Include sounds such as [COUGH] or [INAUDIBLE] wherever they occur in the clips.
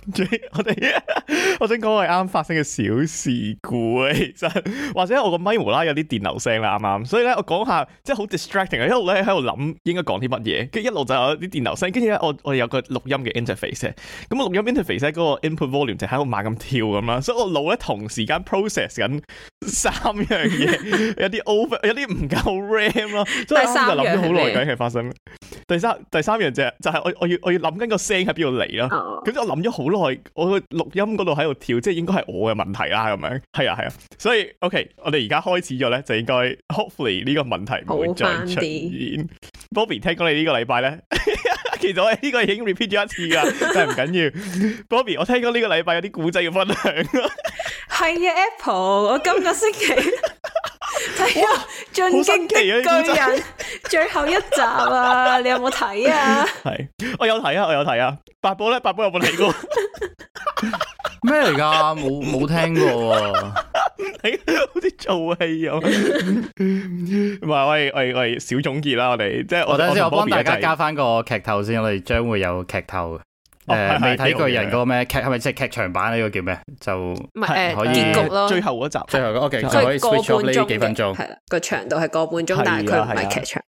[LAUGHS] 我哋我想講我啱啱發生嘅小事故其實 [LAUGHS] 或者我個麥無啦，有啲電流聲啦，啱啱所以咧我講下即係好 distracting 啊，一路咧喺度諗應該講啲乜嘢，跟住一路就有啲電流聲，跟住咧我我有個錄音嘅 interface，咁我錄音 interface 嗰個 input volume 就喺度猛咁跳咁啊，所以我腦咧同時間 process 緊三樣嘢， [LAUGHS] 有啲 over，有啲唔夠 ram 咯，所以我剛剛就諗咗好耐，究竟係發生咩？第三第三樣嘢就係就係我我要我要諗緊個聲喺邊度嚟啦，咁我諗咗好好耐，我錄音嗰度喺度跳，即係應該係我嘅問題啦，咁樣係啊係啊，所以 OK，我哋而家開始咗咧，就應該 hopefully 呢個問題唔會再出現。Bobby 聽講你個禮呢個禮拜咧， [LAUGHS] 其實我呢個已經 repeat 咗一次噶，但係唔緊要緊。 [LAUGHS] Bobby，我聽講呢個禮拜有啲古仔要分享啊，係 [LAUGHS] 啊，Apple，我今個星期。 [LAUGHS] 係哇啊，進擊嘅巨人最後一集啊， [LAUGHS] 你有冇睇啊？係，我有睇啊，我有睇啊。八波咧，八波有冇睇過？咩嚟㗎？冇冇聽過、啊？ [LAUGHS] 好似做戲咁！唔係？ [LAUGHS] 我哋我哋我哋小總結啦，我哋即係我等陣仔先，我幫大家加翻個劇透先，我哋將會有劇透。誒，未睇巨人嗰個咩劇，係咪即係劇場版呢個叫咩？就唔係，可以最後嗰集，最後嗰集就可以。個半鐘，係啦，個長度係個半鐘，但係佢唔係劇場。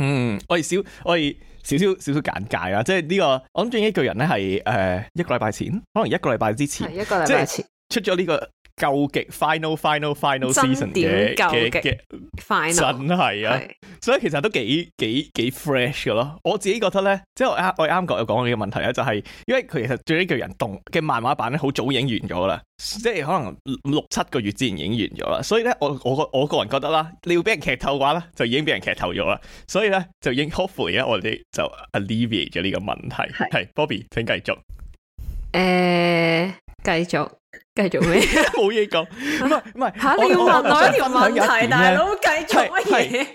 嗯，我而少，我而少少少少簡介啊。即係呢個我諗住呢巨人咧，係誒一個禮拜前，可能一個禮拜之前，一個禮拜前出咗呢個。究極 final final final season 嘅嘅嘅，final，真係啊！是所以其實都幾幾幾 fresh 噶咯。我自己覺得咧，即係我我啱啱有講呢個問題咧，就是，就係因為佢其實《最終巨人》動嘅漫畫版咧，好早已經完咗啦，即係可能六七個月之前影完咗啦。所以咧，我我我個人覺得啦，你要俾人劇透嘅話咧，就已經俾人劇透咗啦。所以咧，就已經 hopefully 我哋就 alleviate 咗呢個問題係是。Bobby，請繼續。誒，繼續。繼續咩？冇嘢講，唔係唔係，吓，你要問我一條問題大佬，繼續乜嘢？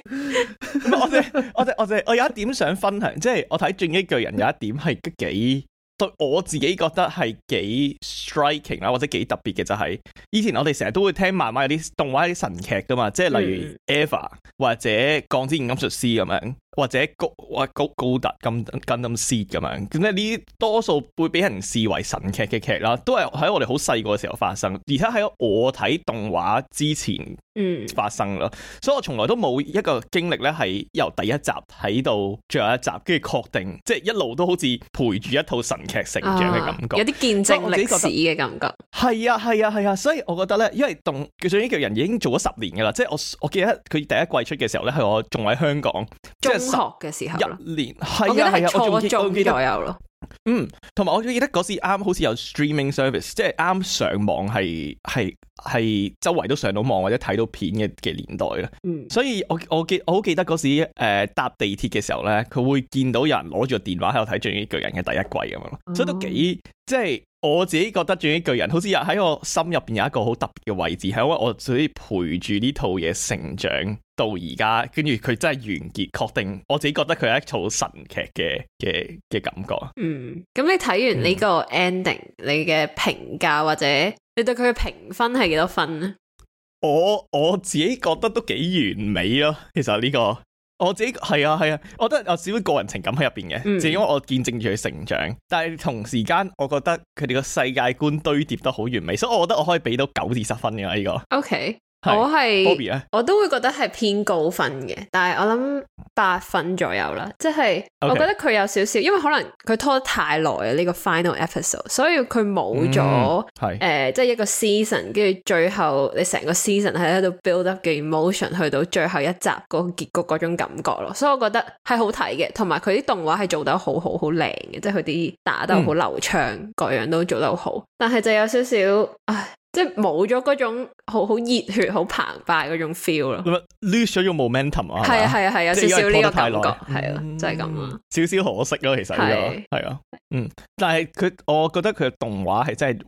我哋，我哋，我哋，我，我有一點想分享， [LAUGHS] 即係我睇《進擊巨人》有一點係幾。 [LAUGHS] 對我自己覺得係幾 striking 啦，或者幾特別嘅，就係，以前我哋成日都會聽漫畫有啲動畫啲神劇噶嘛，即係例如 Eva 或者鋼之煉金術師咁樣，或者高或高高達咁咁咁 Seed 咁樣，咁咧呢啲多數會俾人視爲神劇嘅劇啦，都係喺我哋好細個嘅時候發生，而且喺我睇動畫之前。嗯，發生咯，所以我從來都冇一個經歷咧，係由第一集喺度，最後一集，跟住確定，即係一路都好似陪住一套神劇成長嘅感覺，啊、有啲見證歷史嘅感覺。係 [NOISE] 啊，係啊，係啊，啊，啊，啊，啊，所以我覺得咧，因為動叫最緊要人已經做咗十年噶啦，即係我我記得佢第一季出嘅時候咧，係我仲喺香港即中學嘅時候，一年係啊係啊，我仲有咯。嗯，同埋我記得嗰時啱，好似有 streaming service，即係啱上網係係係周圍都上到網或者睇到片嘅嘅年代咯。嗯，所以我我記我好記得嗰時誒、呃、搭地鐵嘅時候咧，佢會見到有人攞住個電話喺度睇《進擊巨人》嘅第一季咁樣咯，所以都幾、嗯、即係我自己覺得《進擊巨人》好似又喺我心入邊有一個好特別嘅位置，係因為我自己陪住呢套嘢成長。到而家，跟住佢真係完結，確定我自己覺得佢係一套神劇嘅嘅嘅感覺。嗯，咁你睇完呢個 ending、嗯、你嘅評價或者你對佢嘅評分係幾多分啊？我我自己覺得都幾完美咯。其實呢、這個我自己係啊係啊，我覺得我有少少個人情感喺入邊嘅，就、嗯、因為我見證住佢成長。但係同時間，我覺得佢哋個世界觀堆疊得好完美，所以我覺得我可以俾到九至十分嘅呢、這個。OK。我係，我都會覺得係偏高分嘅，但係我諗八分左右啦，即係 Okay. 我覺得佢有少少，因為可能佢拖得太耐啊呢個 final episode，所以佢冇咗，係，呃，即係一個 season，跟住最後你成個 season 係喺度 build up 嘅 emotion，去到最後一集嗰結局嗰種感覺咯，所以我覺得係好睇嘅，同埋佢啲動畫係做得好好，好靚嘅，即係佢啲打得好流暢，mm. 各樣都做得好，但係就有少少，唉。即係冇咗嗰種好好熱血、好澎湃嗰種 feel 咯，咁啊，lose 咗個 momentum 啊，係啊係啊係啊，少少呢個感覺，係啊吧，真係咁啊，少少可惜咯，其實呢個係啊，嗯，但係佢，我覺得佢嘅動畫係真係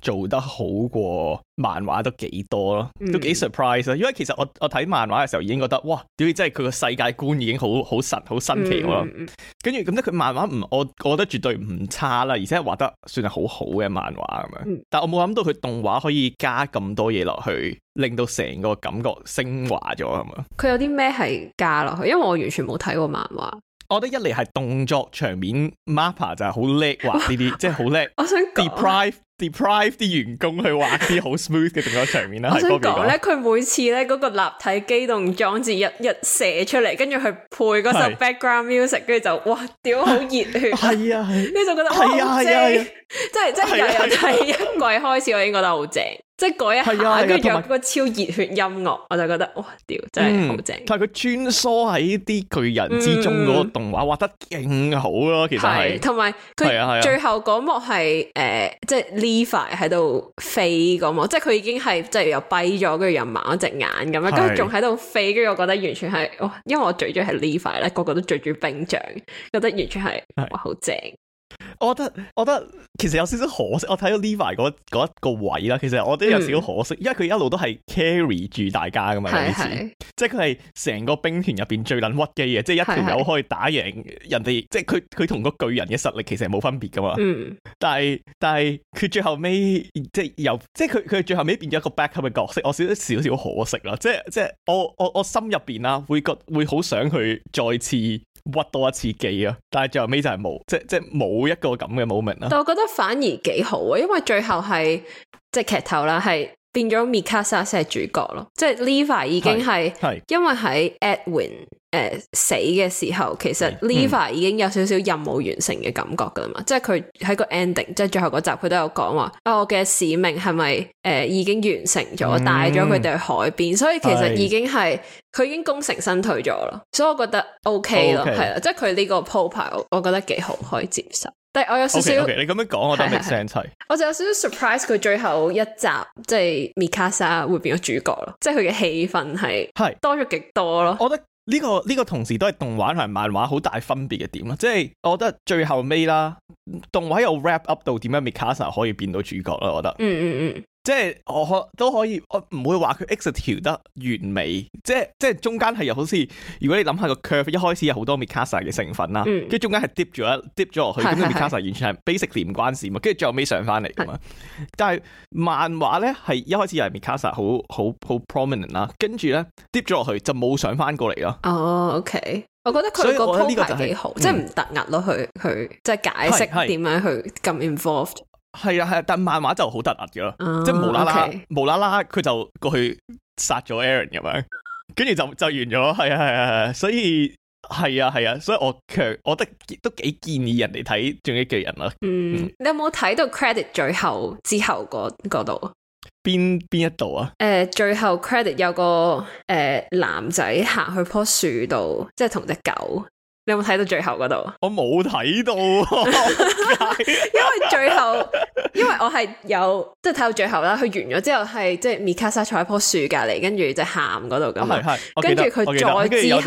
做得好過漫畫都幾多咯，都幾 surprise 啊，嗯、因為其實我我睇漫畫嘅時候已經覺得，哇，屌，點知真係佢個世界觀已經好好神、好新奇咯，嗯嗯、跟住咁咧，佢漫畫唔，我我覺得絕對唔差啦，而且係畫得算係好好嘅漫畫咁樣，但我冇諗到佢動畫可以。可以加咁多嘢落去，令到成個感覺升華咗，係咪？佢有啲咩係加落去？因為我完全冇睇過漫畫。我覺得一嚟係動作場面 Mappa 就係好叻畫呢啲，即係好叻。 [LAUGHS] 我想說 deprive。deprive 啲員工去畫啲好 smooth 嘅動作場面啦。我想講咧，佢、嗯、每次咧嗰個立體機動裝置一一射出嚟，跟住去配嗰首 background music，跟住就哇，屌好熱血！係啊 [LAUGHS] [LAUGHS] 的，你就覺得係啊，係啊，即係即係由由第一季開始我 [LAUGHS] 已經覺得好正。即係改一下，跟住、啊啊、有嗰個超熱血音樂，有我就覺得、嗯、哇屌，真係好正！但係佢穿梭喺啲巨人之中嗰個動畫畫得勁好咯，嗯、其實他係同埋佢最後嗰幕係誒、呃，即係 Levi 喺度飛嗰幕，即係佢已經係即係又閉咗，跟住又盲咗隻眼咁樣，跟住仲喺度飛，跟住我覺得完全係哇，因為我最鍾意係 Levi 咧，個個都鍾意冰像，覺得完全係哇好正。我覺得我覺得其實有少少可惜，我睇到 Levi 嗰一個位啦，其實我覺得有少少可惜，嗯、因為佢一路都係 carry 住大家噶嘛，意思是，即係佢係成個兵團入邊最捻屈機嘅，即係一條友可以打贏人哋，是是即係佢佢同個巨人嘅實力其實係冇分別噶嘛，嗯、但係但係佢最後尾即係由即係佢佢最後尾變咗一個 backup 嘅角色，我少少少少可惜啦，即係即係我我我，我心入邊啦，會覺會好想佢再次。屈多一次機啊！但係最後尾就係冇，即係即係冇一個咁嘅 moment 啦。但係我覺得反而幾好啊，因為最後係即係劇頭啦，係。變咗米卡莎先係主角咯，即係 Liva 已經係，因為喺 Edwin 誒、呃、死嘅時候，其實 Liva 已經有少少任務完成嘅感覺噶啦嘛，嗯、即係佢喺個 ending，即係最後嗰集佢都有講話，啊、哦、我嘅使命係咪誒已經完成咗，帶咗佢哋去海邊，嗯、所以其實已經係佢是已經功成身退咗咯，所以我覺得 OK 咯，係啦 Okay.、嗯，即係佢呢個鋪排，我我覺得幾好，可以接受。但係我有少少，okay, okay, 你咁樣講我覺得未醒齊。我就有少少 surprise 佢最後一集即係 Mikasa 會變咗主角咯，即係佢嘅戲份係係多咗極多咯。 [MUSIC] 我覺得呢、這個呢、這個同時都係動畫同埋漫畫好大分別嘅點咯。即係我覺得最後尾啦，動畫又 wrap up 到點樣 Mikasa 可以變到主角咯。我覺得，嗯嗯嗯。即係我可都可以，我唔會話佢 X 調得完美，即係即係中間係又好似，如果你諗下個 curve，一開始有好多 Mikasa 嘅成分啦，跟住、嗯、中間係跌咗一跌咗落去，咁個 Mikasa 完全 bas 係 basically 唔關事嘛，跟住最後尾上翻嚟噶嘛。是的 但係漫畫咧係一開始又係 Mikasa 好好好 prominent 啦，跟住咧跌咗落去就冇上翻過嚟咯。哦，OK，我覺得佢個鋪排幾好，就是嗯、即係唔突兀咯，去去即係解釋點樣去咁 involved。係啊係啊，但漫畫就好突兀嘅咯，嗯、即係無啦啦、嗯 okay. 無啦啦佢就過去殺咗 Aaron 咁樣，跟住就就完咗，係啊係啊係啊，所以係啊係啊，啊，啊，啊，所以我強，我覺得都幾建議人哋睇《進擊的巨人》啦。嗯，你有冇睇到 credit 最後之後嗰度？邊邊一度啊？誒、呃，最後 credit 有個誒、呃、男仔行去棵樹度，即係同隻狗。你有冇睇到最後嗰度？我冇睇到， [LAUGHS] [LAUGHS] 因為最後，因為我係有即係睇到最後啦。佢完咗之後係即係米卡莎坐喺棵樹隔籬，跟住就喊嗰度噶，跟住佢再之後，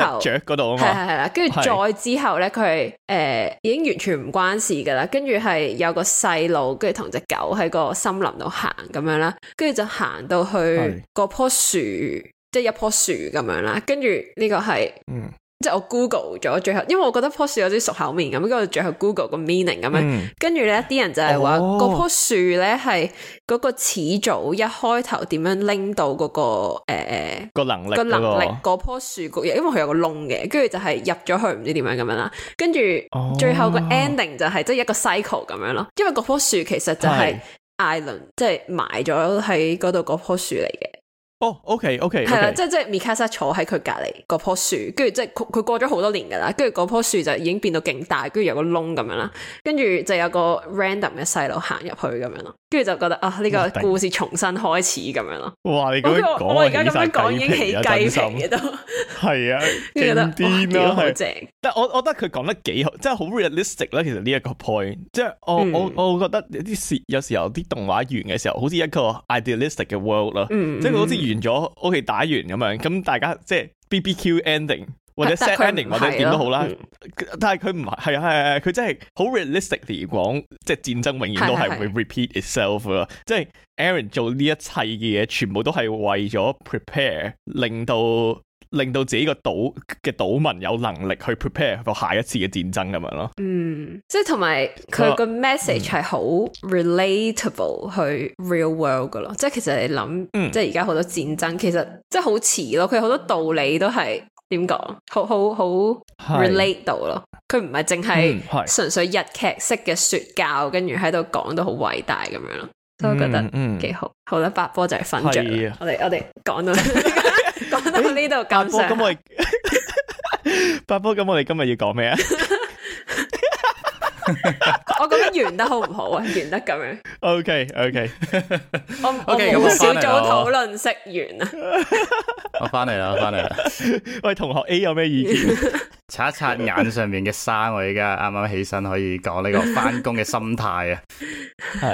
度係係係啦。跟住、啊啊、再之後咧，佢誒、呃、已經完全唔關事噶啦。跟住係有個細路，跟住同隻狗喺個森林度行咁樣啦。跟住就行到去嗰棵樹，是即係一棵樹咁樣啦。跟住呢個係嗯。即係我 Google 咗最後，因為我覺得棵樹有啲熟口面咁，跟住最後 Google 個 meaning 咁樣，跟住咧啲人就係話嗰棵樹咧係嗰個始祖一開頭點樣拎到嗰、嗰個誒、呃、個能力、嗰個、個能力嗰棵樹，因為佢有個窿嘅，跟住就係入咗去唔知點樣咁樣啦，跟住最後個 ending 就係即係一個 cycle 咁樣咯，哦、因為嗰棵樹其實就係艾倫即係埋咗喺嗰度嗰棵樹嚟嘅。哦，OK，OK，係啦，即係即係米卡莎坐喺佢隔籬嗰棵樹，跟住即係佢佢過咗好多年噶啦，跟住嗰棵樹就已經變到勁大，跟住有個窿咁樣啦，跟住就有個 random 嘅細路行入去咁樣咯，跟住就覺得啊呢個故事重新開始咁樣咯。哇，你咁我而家咁樣講已經起雞皮嘅都係啊，驚癲咯，好正。但我我覺得佢講得幾好，即係好 realistic 啦。其實呢一個 point，即係我我我覺得有啲時有時候啲動畫完嘅時候，好似一個 idealistic 嘅 world 咯，即係好似。完咗，OK 打完咁樣，咁大家即係 BBQ ending 或者 set ending 或者點都好啦。但係佢唔係，係啊係啊佢真係好 realistically 講，即係戰爭永遠都係會 repeat itself 咯。即係 Aaron 做呢一切嘅嘢，全部都係為咗 prepare，令到。令到自己個島嘅島民有能力去 prepare 個下一次嘅戰爭咁樣咯。嗯，即係同埋佢個 message 係好、嗯、relatable 去 real world 噶咯。即係其實你諗，即係而家好多戰爭其實即係好遲咯。佢好多道理都係點講，好好好 relate 到咯。佢唔係淨係純粹日劇式嘅說教，跟住喺度講到好偉大咁樣咯。所以覺得嗯幾好。好啦，8Ball 就係瞓着。我哋我哋講啦。呢度咁上，八波咁我哋今日要講咩啊？我覺得完得好唔好啊？完得咁樣。O K O K，我我小組討論食完啦。我翻嚟啦，翻嚟啦。喂，同學 A 有咩意見？擦一擦眼上面嘅沙，我而家啱啱起身，可以講呢個翻工嘅心態啊。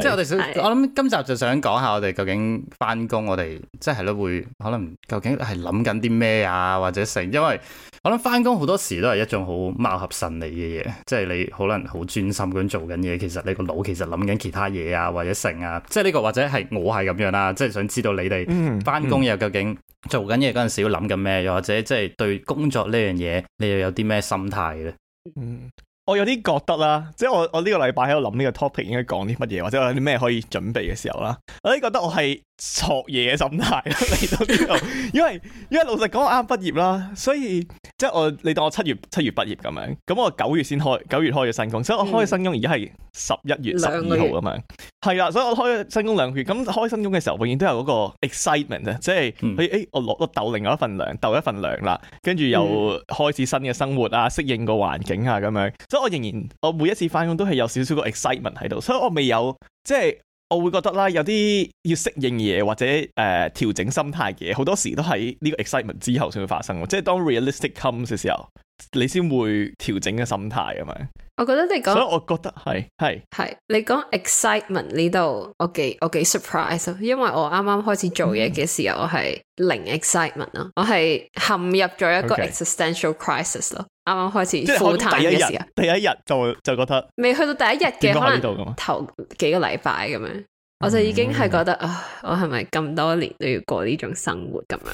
即係我哋想，我諗今集就想講下我哋究竟翻工，我哋即係咧會可能究竟係諗緊啲咩啊？或者成因為。我諗翻工好多時都係一種好貌合神離嘅嘢，即係你可能好專心咁做緊嘢，其實你個腦其實諗緊其他嘢啊，或者成啊，即係呢、這個或者係我係咁樣啦，啊，即係想知道你哋翻工又究竟做緊嘢嗰陣時要諗緊咩，又或者即係對工作呢樣嘢你又有啲咩心態咧，嗯。我有啲覺得啦，即係我我呢個禮拜喺度諗呢個 topic 應該講啲乜嘢，或者我有啲咩可以準備嘅時候啦，我有啲覺得我係。錯嘢嘅心態嚟 [LAUGHS] 到呢度，因為因為老實講，我啱畢業啦，所以即係我你當我七月七月畢業咁樣，咁我九月先開九月開咗新工，所以我開咗新工而家係十一月十二號啊嘛，係啊、嗯月，所以我開咗新工兩個月，咁開新工嘅時候，永遠都有嗰個 excitement 啊，即係誒，我落我斗另外一份糧，斗一份糧啦，跟住又開始新嘅生活啊，適應個環境啊咁樣，所以我仍然我每一次返工都係有少少個 excitement 喺度，所以我未有即係。我會覺得啦，有啲要適應嘢，或者誒調整心態嘅嘢，好多時都喺呢個 excitement 之後先會發生。即係當 realistic comes 嘅時候，你先會調整嘅心態啊嘛，我覺得你講，所以我覺得係係係你講 excitement 呢度，我幾我幾 surprise，因為我啱啱開始做嘢嘅時候，嗯、我係零 excitement 咯，我係陷入咗一個 existential crisis 咯。Okay. 啱啱開始，即係第一日，第一日就就覺得未去到第一日嘅，可能頭幾個禮拜咁樣，我就已經係覺得啊，我係咪咁多年都要過呢種生活咁樣？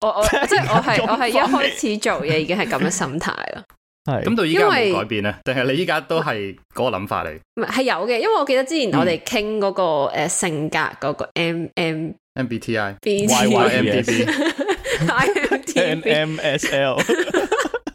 我我即係我係我係一開始做嘢已經係咁樣心態啦。係咁到依家唔改變咧，定係你依家都係嗰個諗法嚟？唔係有嘅，因為我記得之前我哋傾嗰個誒性格嗰個 M M M B T I Y Y M D B I M D B N M S L。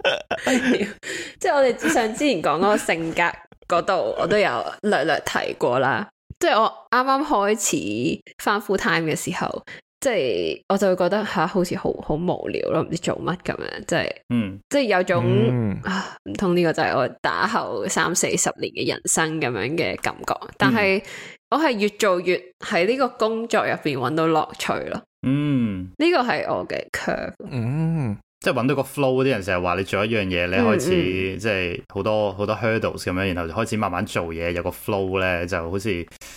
[LAUGHS] 即係我哋以上之前講嗰個性格嗰度，我都有略略提過啦。即係我啱啱開始返 full time 嘅時候，即係我就會覺得吓好似好好無聊咯，唔知做乜咁樣。即係嗯，即係有種、嗯、啊，唔通呢個就係我打後三四十年嘅人生咁樣嘅感覺。但係我係越做越喺呢個工作入邊揾到樂趣咯。嗯，呢個係我嘅 curve。嗯。即係揾到個 flow。啲人成日話你做一樣嘢，你開始即係好多好多 hurdles 咁樣，然後就開始慢慢做嘢，有個 flow 咧，就好似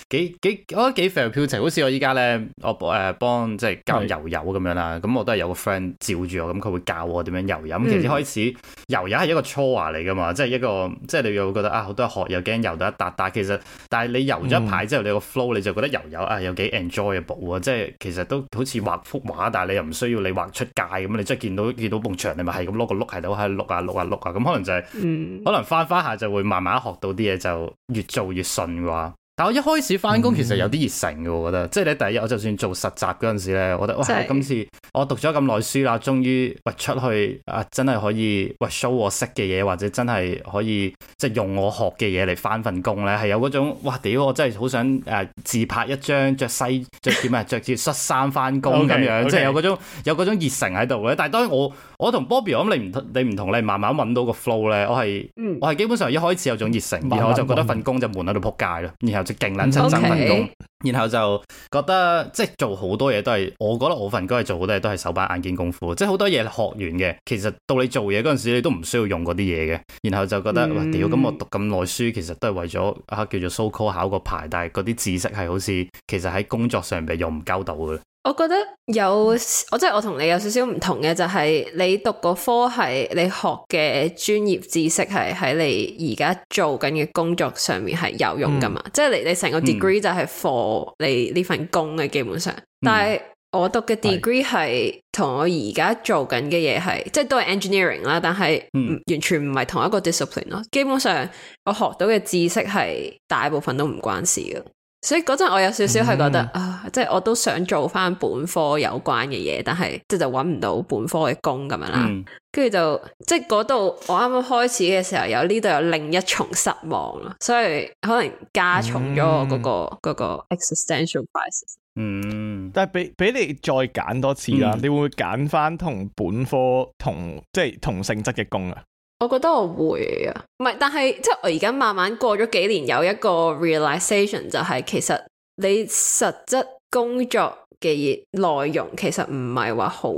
幾幾我覺得幾 fair feeling。好似我依家咧，我誒幫即係教遊遊咁樣啦，咁我都係有個 friend 照住我，咁佢會教我點樣遊。咁其實開始遊遊係一個初話嚟㗎嘛，即係一個即係你會覺得啊好多學又驚遊到一笪笪，其實但係你游咗一排之後你個 flow 你就覺得遊遊啊有幾 enjoyable 啊，即係其實都好似畫幅畫，但係你又唔需要你畫出界咁，你即係見到見到。嗰埲牆你咪係咁碌個碌係度喺度碌啊碌啊碌啊。咁可能就係，可能翻翻下就會慢慢一學到啲嘢，就越做越順啩。 [NOISE] 但我一開始返工、嗯、其實有啲熱誠嘅，我覺得，即係你第一日，我就算做實習嗰陣時咧，我覺得，是哇，今次我讀咗咁耐書啦，終於，喂，出去啊，真係可以，喂、呃、show 我識嘅嘢，或者真係可以，即係用我學嘅嘢嚟返份工咧，係有嗰種，哇，屌，我真係好想誒、呃、自拍一張，着西，着點啊，着住恤衫返工咁樣， [LAUGHS] okay, okay, okay. 即係有嗰種，有嗰種熱誠喺度嘅。但係當然我，我同 Bobby 咁，你唔，你唔同，你慢慢揾到個 flow 咧，嗯、我係，我係基本上一開始有種熱誠，然後我就覺得份工就悶喺度撲街啦，然後。就勁撚親憎份工，Okay. 然後就覺得即係做好多嘢都係，我覺得我份工係做好多嘢都係手板眼見功夫，即係好多嘢學完嘅，其實到你做嘢嗰陣時，你都唔需要用嗰啲嘢嘅。然後就覺得、嗯、哇，屌！咁我讀咁耐書，其實都係為咗一、啊、叫做 so call 考個牌，但係嗰啲知識係好似其實喺工作上面用唔交到嘅。我覺得有即我即係我同你有少少唔同嘅，就係、是、你讀個科系，你學嘅專業知識係喺你而家做緊嘅工作上面係有用噶嘛？嗯、即係你你成個 degree、嗯、就係 for 你呢份工嘅基本上。但係我讀嘅 degree 係同、嗯、是我而家做緊嘅嘢係，即係都係 engineering 啦，但係完全唔係同一個 discipline 咯。基本上我學到嘅知識係大部分都唔關事嘅。所以嗰陣我有少少係覺得啊、嗯，即係我都想做翻本科有關嘅嘢，但係即係就搵唔到本科嘅工咁樣啦。跟住、嗯、就即係嗰度，我啱啱開始嘅時候有呢度有另一重失望啦，所以可能加重咗我嗰、嗰個、嗯、個 existential crisis。嗯，但係畀畀你再揀多次啊，嗯、你會唔會揀翻同本科同即係同性質嘅工啊？我覺得我會啊，唔係，但係即係我而家慢慢過咗幾年，有一個 realization 就係，其實你實質工作嘅嘢內容其實唔係話好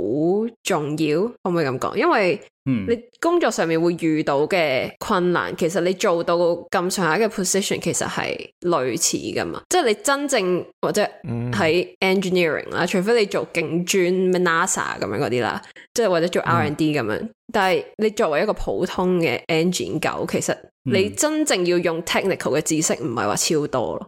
重要，可唔可以咁講？因為你工作上面會遇到嘅困難，其實你做到咁上下嘅 position，其實係類似噶嘛。即係你真正或者喺 engineering 啦、嗯，除非你做勁專咩 NASA 咁樣嗰啲啦，即係或者做 R&D 咁、嗯、樣。但係你作為一個普通嘅 engine 狗，其實你真正要用 technical 嘅知識，唔係話超多咯。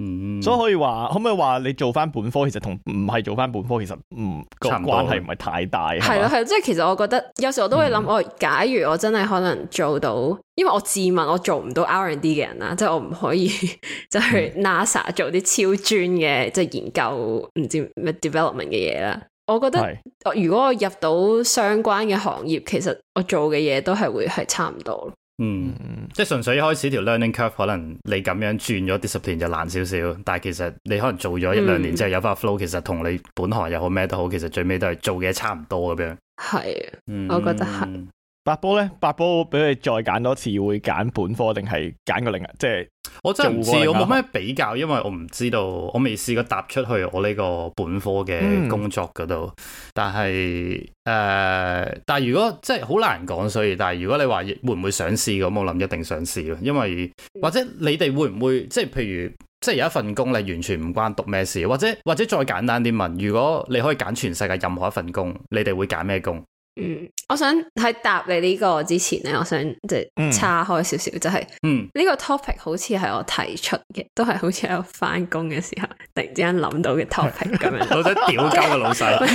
嗯、所以可以話，可唔可以話你做翻本科其實同唔係做翻本科，其實唔關係唔係太大啊。係咯係，即係其實我覺得有時我都會諗，我假如我真係可能做到，因為我自問我做唔到 R&D 嘅人啦，即係我唔可以 [LAUGHS] 就去 NASA 做啲超專嘅即係研究，唔知咩 development 嘅嘢啦。我覺得是的 如果我入到相關嘅行業，其實我做嘅嘢都係會係差唔多。嗯，即係純粹一開始條 learning curve 可能你咁樣轉咗 discipline 就難少少，但係其實你可能做咗一兩年之後，嗯、有翻 flow，其實同你本行又好咩都好，其實最尾都係做嘅嘢差唔多咁樣。係啊的，嗯、我覺得係。嗯八波咧，八波，俾你再揀多次，會揀本科定係揀個另一個，即係我真係唔知，我冇咩比較，因為我唔知道，我未試過踏出去我呢個本科嘅工作嗰度、嗯呃。但係誒，但係如果即係好難講，所以但係如果你話會唔會想試，咁我諗一定想試咯。因為或者你哋會唔會即係譬如即係有一份工，你完全唔關讀咩事，或者或者再簡單啲問，如果你可以揀全世界任何一份工，你哋會揀咩工？嗯，我想喺答你呢個之前咧，我想即係叉開少少，嗯、就係嗯呢個 topic 好似係我提出嘅，都係好似喺我翻工嘅時候突然之間諗到嘅 topic 咁是樣， [LAUGHS] [LAUGHS] 就是、我想屌鳩個老細，唔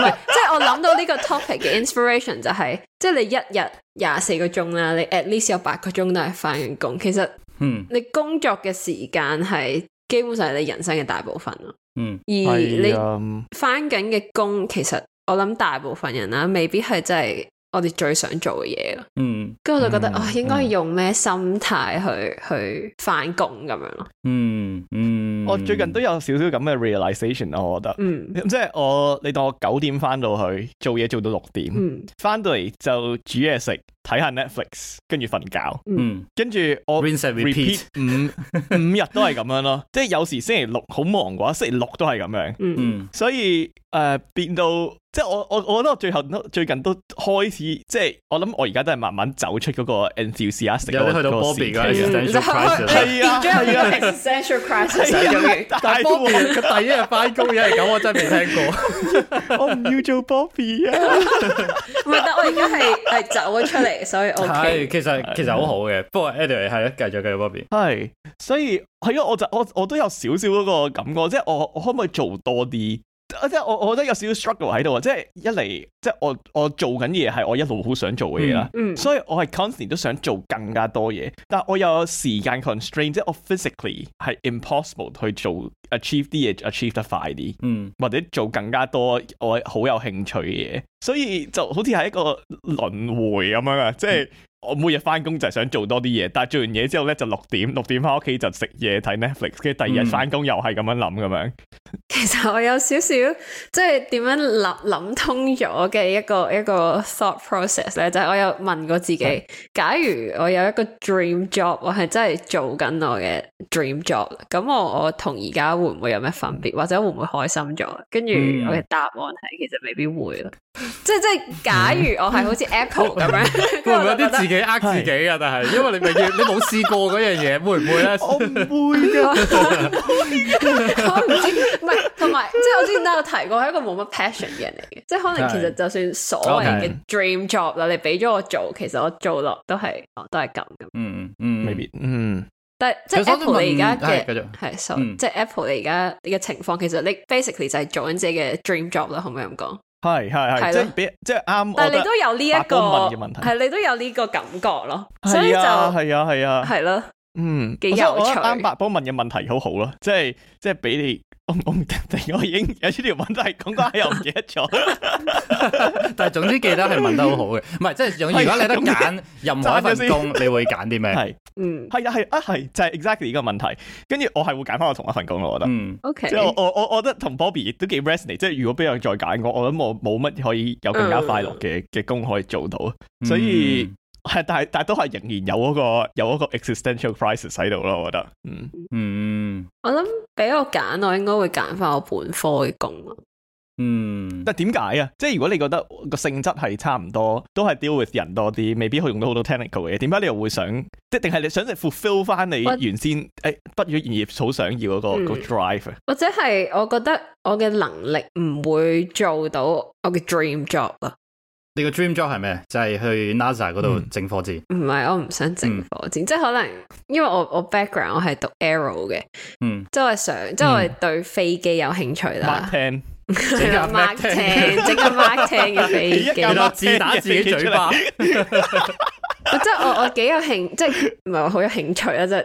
係即係我諗到呢個 topic 嘅 inspiration 就係、是，即、就、係、是、你一日廿四個鐘啦，你 at least 有八個鐘都係翻緊工，其實嗯你工作嘅時間係基本上係你人生嘅大部分咯，嗯，而你翻緊嘅工其實。我諗大部分人啦、啊，未必係真係我哋最想做嘅嘢咯。嗯，跟住我就覺得，嗯、啊，應該用咩心態去、嗯、去返工咁樣咯、嗯。嗯嗯，我最近都有少少咁嘅 realization 咯，我覺得。嗯，即係我，你當我九點翻到去做嘢，做到六點，翻到嚟就煮嘢食。睇下 Netflix，跟住瞓覺。嗯，跟住我 repeat，五五日都係咁樣咯。即係有時星期六好忙嘅話，星期六都係咁樣。嗯嗯。所以誒變到即係我我我覺得我最後最近都開始即係我諗我而家都係慢慢走出嗰個 enthusiasm 去到 Bobby 嗰啲嘅 existential crisis。但係佢第一日翻工又係咁，我真係未聽過。我唔要做 Bobby 啊！我覺得，我而家係係走咗出嚟。所以我係其實其實好好嘅，uh, 不過 anyway 係咯，繼續繼續 Bobbi，係所以係咯，我就我我都有少少嗰個感覺，即係我我可唔可以做多啲？我即係我，我覺得有少少 struggle 喺度啊！即係一嚟，即係我我做緊嘢係我一路好想做嘅嘢啦，嗯嗯、所以我係 constantly 都想做更加多嘢，但係我有時間 constraint，即係我 physically 係 impossible 去做 achieve 啲嘢，achieve 得快啲，或者做更加多我好有興趣嘅嘢，所以就好似係一個輪迴咁樣啊！即係。嗯我每日翻工就係想做多啲嘢，但係做完嘢之後咧就六點，六點翻屋企就食嘢睇 Netflix，跟住第二日翻工又係咁樣諗咁樣、嗯。其實我有少少即係點、就是、樣諗諗通咗嘅一個一個 thought process 咧，就係我有問過自己，是假如我有一個 dream job，我係真係做緊我嘅 dream job，咁我我同而家會唔會有咩分別，或者會唔會開心咗？跟住我嘅答案係，嗯、其實未必會咯、嗯。即係即係，假如我係好似 Echo 咁樣，嗯、 [LAUGHS] [LAUGHS] 我有啲嘢呃自己噶，但係因為你未， [LAUGHS] 你冇試過嗰樣嘢，會唔會咧？我唔會噶， [LAUGHS] [LAUGHS] 我唔知。唔係，同埋，即係我之前都有提過，係一個冇乜 passion 嘅人嚟嘅。即係可能其實就算所謂嘅 dream job 啦的，你俾咗我，okay. 我做，其實我做落都係，都係咁咁。嗯嗯嗯 maybe 嗯。但係錯、嗯、即係 Apple 你而家嘅係，即係 Apple 你而家嘅情況，其實你 basically 就係做緊自己嘅 dream job 啦，可唔可以咁講？係係係，即係俾即係啱，但係你都有呢一個問嘅問題，係你都有呢個感覺咯。的所以就係啊係啊，係咯，嗯，幾有趣。我我覺得 8Ball 問嘅問題好好咯，即係即係俾你。 [LAUGHS] 我已經有我記有呢條問題都係講緊，又唔記得咗。但係總之記得係問得好好嘅，唔係 [LAUGHS] 即係。如果你得揀任何一份工， [LAUGHS] [LAUGHS] 你會揀啲咩？係 [LAUGHS] 嗯，係啊，係啊，係就係、是、exactly 呢個問題。跟住我係會揀翻我同一份工我覺得，嗯，OK。即係我我我，我覺得同 Bobby 亦都幾 resonate 即係如果俾我再揀，我我諗我冇乜可以有更加快樂嘅嘅工可以做到啊。呃、所以。嗯係，但係但係都係仍然有嗰個有嗰個 existential crisis 喺度咯，我覺得。嗯嗯，我諗俾我揀，我應該會揀翻我本科嘅工咯。嗯，但係點解啊？即係如果你覺得個性質係差唔多，都係 deal with 人多啲，未必去用到好多 technical 嘅嘢。點解你又會想？即係定係你想嚟 fulfill 翻你原先誒畢咗業好想要嗰個個、嗯、that drive？或者係我覺得我嘅能力唔會做到我嘅 dream job 啊？你個 dream job 係咩？就係去 NASA 嗰度整火箭。唔係，我唔想整火箭，即係可能因為我我 background 我係讀 arrow 嘅，嗯，即係想，即係對飛機有興趣啦。聽即係 mark 聽嘅飛機，自打自己嘴巴。即係我我幾有興，即係唔係話好有興趣啊，即係。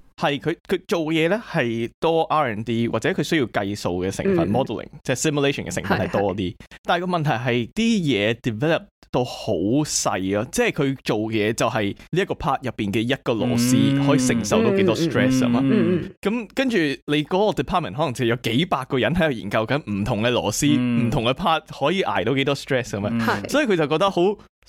係佢佢做嘢咧，係多 R&D 或者佢需要計數嘅成分，modeling 即係、嗯就是、simulation 嘅成分係多啲。是是但係個問題係啲嘢 develop 到好細囉，即係佢做嘢就係呢一個 part 入邊嘅一個螺絲可以承受到幾多 stress 啊嘛。咁跟住你嗰個 department 可能就有幾百個人喺度研究緊唔同嘅螺絲、唔、嗯、同嘅 part 可以捱到幾多 stress 咁啊。是是所以佢就覺得好。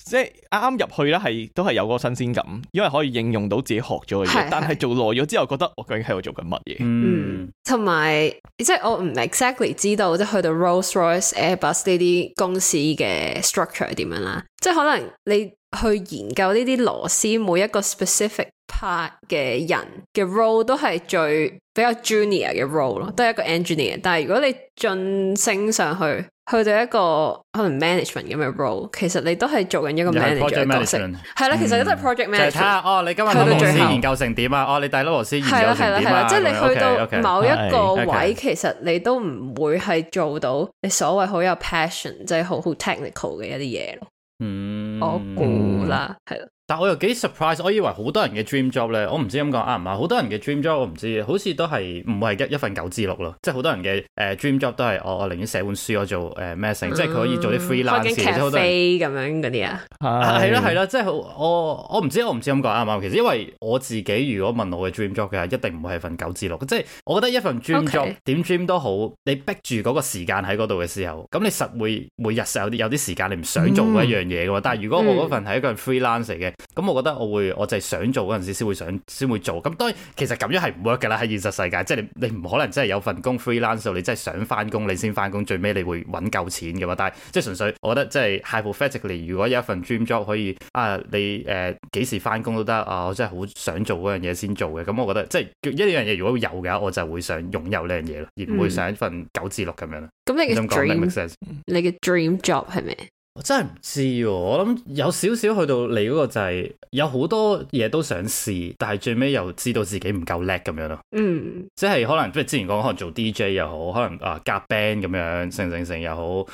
即係啱啱入去咧，係都係有嗰個新鮮感，因為可以應用到自己學咗嘅嘢。是是但係做耐咗之後，覺得我究竟喺度做緊乜嘢？嗯，嗯，同埋即係我唔 exactly 知道，即係去到 Rolls Royce Airbus 呢啲公司嘅 structure 係點樣啦。即係可能你去研究呢啲螺絲每一個 specific part 嘅人嘅 role 都係最比較 junior 嘅 role 咯，都係一個 engineer。但係如果你晉升上去。去到一個可能 management 咁嘅 role，其實你都係做緊一個 management 嘅角色，係啦，其實你都係 project management。就係睇下哦，你今日俄羅斯研究成點啊？哦，你大佬羅斯研究係啦係啦，即係你去到某一個位，其實你都唔會係做到你所謂好有 passion，即係好 Okay .好 technical 嘅一啲嘢咯。嗯，我估啦，係啦。但我又幾 surprise，我以為好多人嘅 dream job 咧，我唔知咁講啱唔啱。好多人嘅 dream job，我唔知，好似都係唔會係一一份九至六咯，即係好多人嘅誒 dream job 都係我我寧願寫本書，我做誒咩成，即係佢可以做啲 free、嗯、freelance，即係好多飛咁乖樣嗰啲是啊，係咯係咯，即係我我唔知我唔知咁講啱唔啱。其實因為我自己如果問我嘅 dream job 嘅，一定唔會係份九至六。即係我覺得一份 dream job 點 Okay. dream 都好，你逼住嗰個時間喺嗰度嘅時候，咁你實會每日有有啲時間你唔想做一樣嘢噶嘛。嗯、但係如果我嗰份係一個人 freelance 嘅、嗯。Free 咁、嗯、我覺得我會，我就係想做嗰陣時先會想，先會做。咁當然其實咁樣係唔 work 㗎啦，喺現實世界，即係你你唔可能真係有份工 freelance 到你真係想返工，你先返工，最尾你會揾夠錢嘅嘛。但係即係純粹，我覺得即係 hypothetically，如果有一份 dream job 可以啊，你誒幾、呃、時返工都得啊，我真係好想做嗰樣嘢先做嘅。咁、嗯、我覺得即係一呢樣嘢如果有嘅話，我就會想擁有呢樣嘢啦，而唔會想一份九至六咁、嗯、樣啦。咁你嘅 dream 你嘅 makes、like、dream job 係咩？我真係唔知，我諗有少少去到你嗰個就係有好多嘢都想試，但係最尾又知道自己唔夠叻咁樣咯。嗯，即係可能即係之前講可能做 DJ 又好，可能啊夾 band 咁樣成成成又好，誒，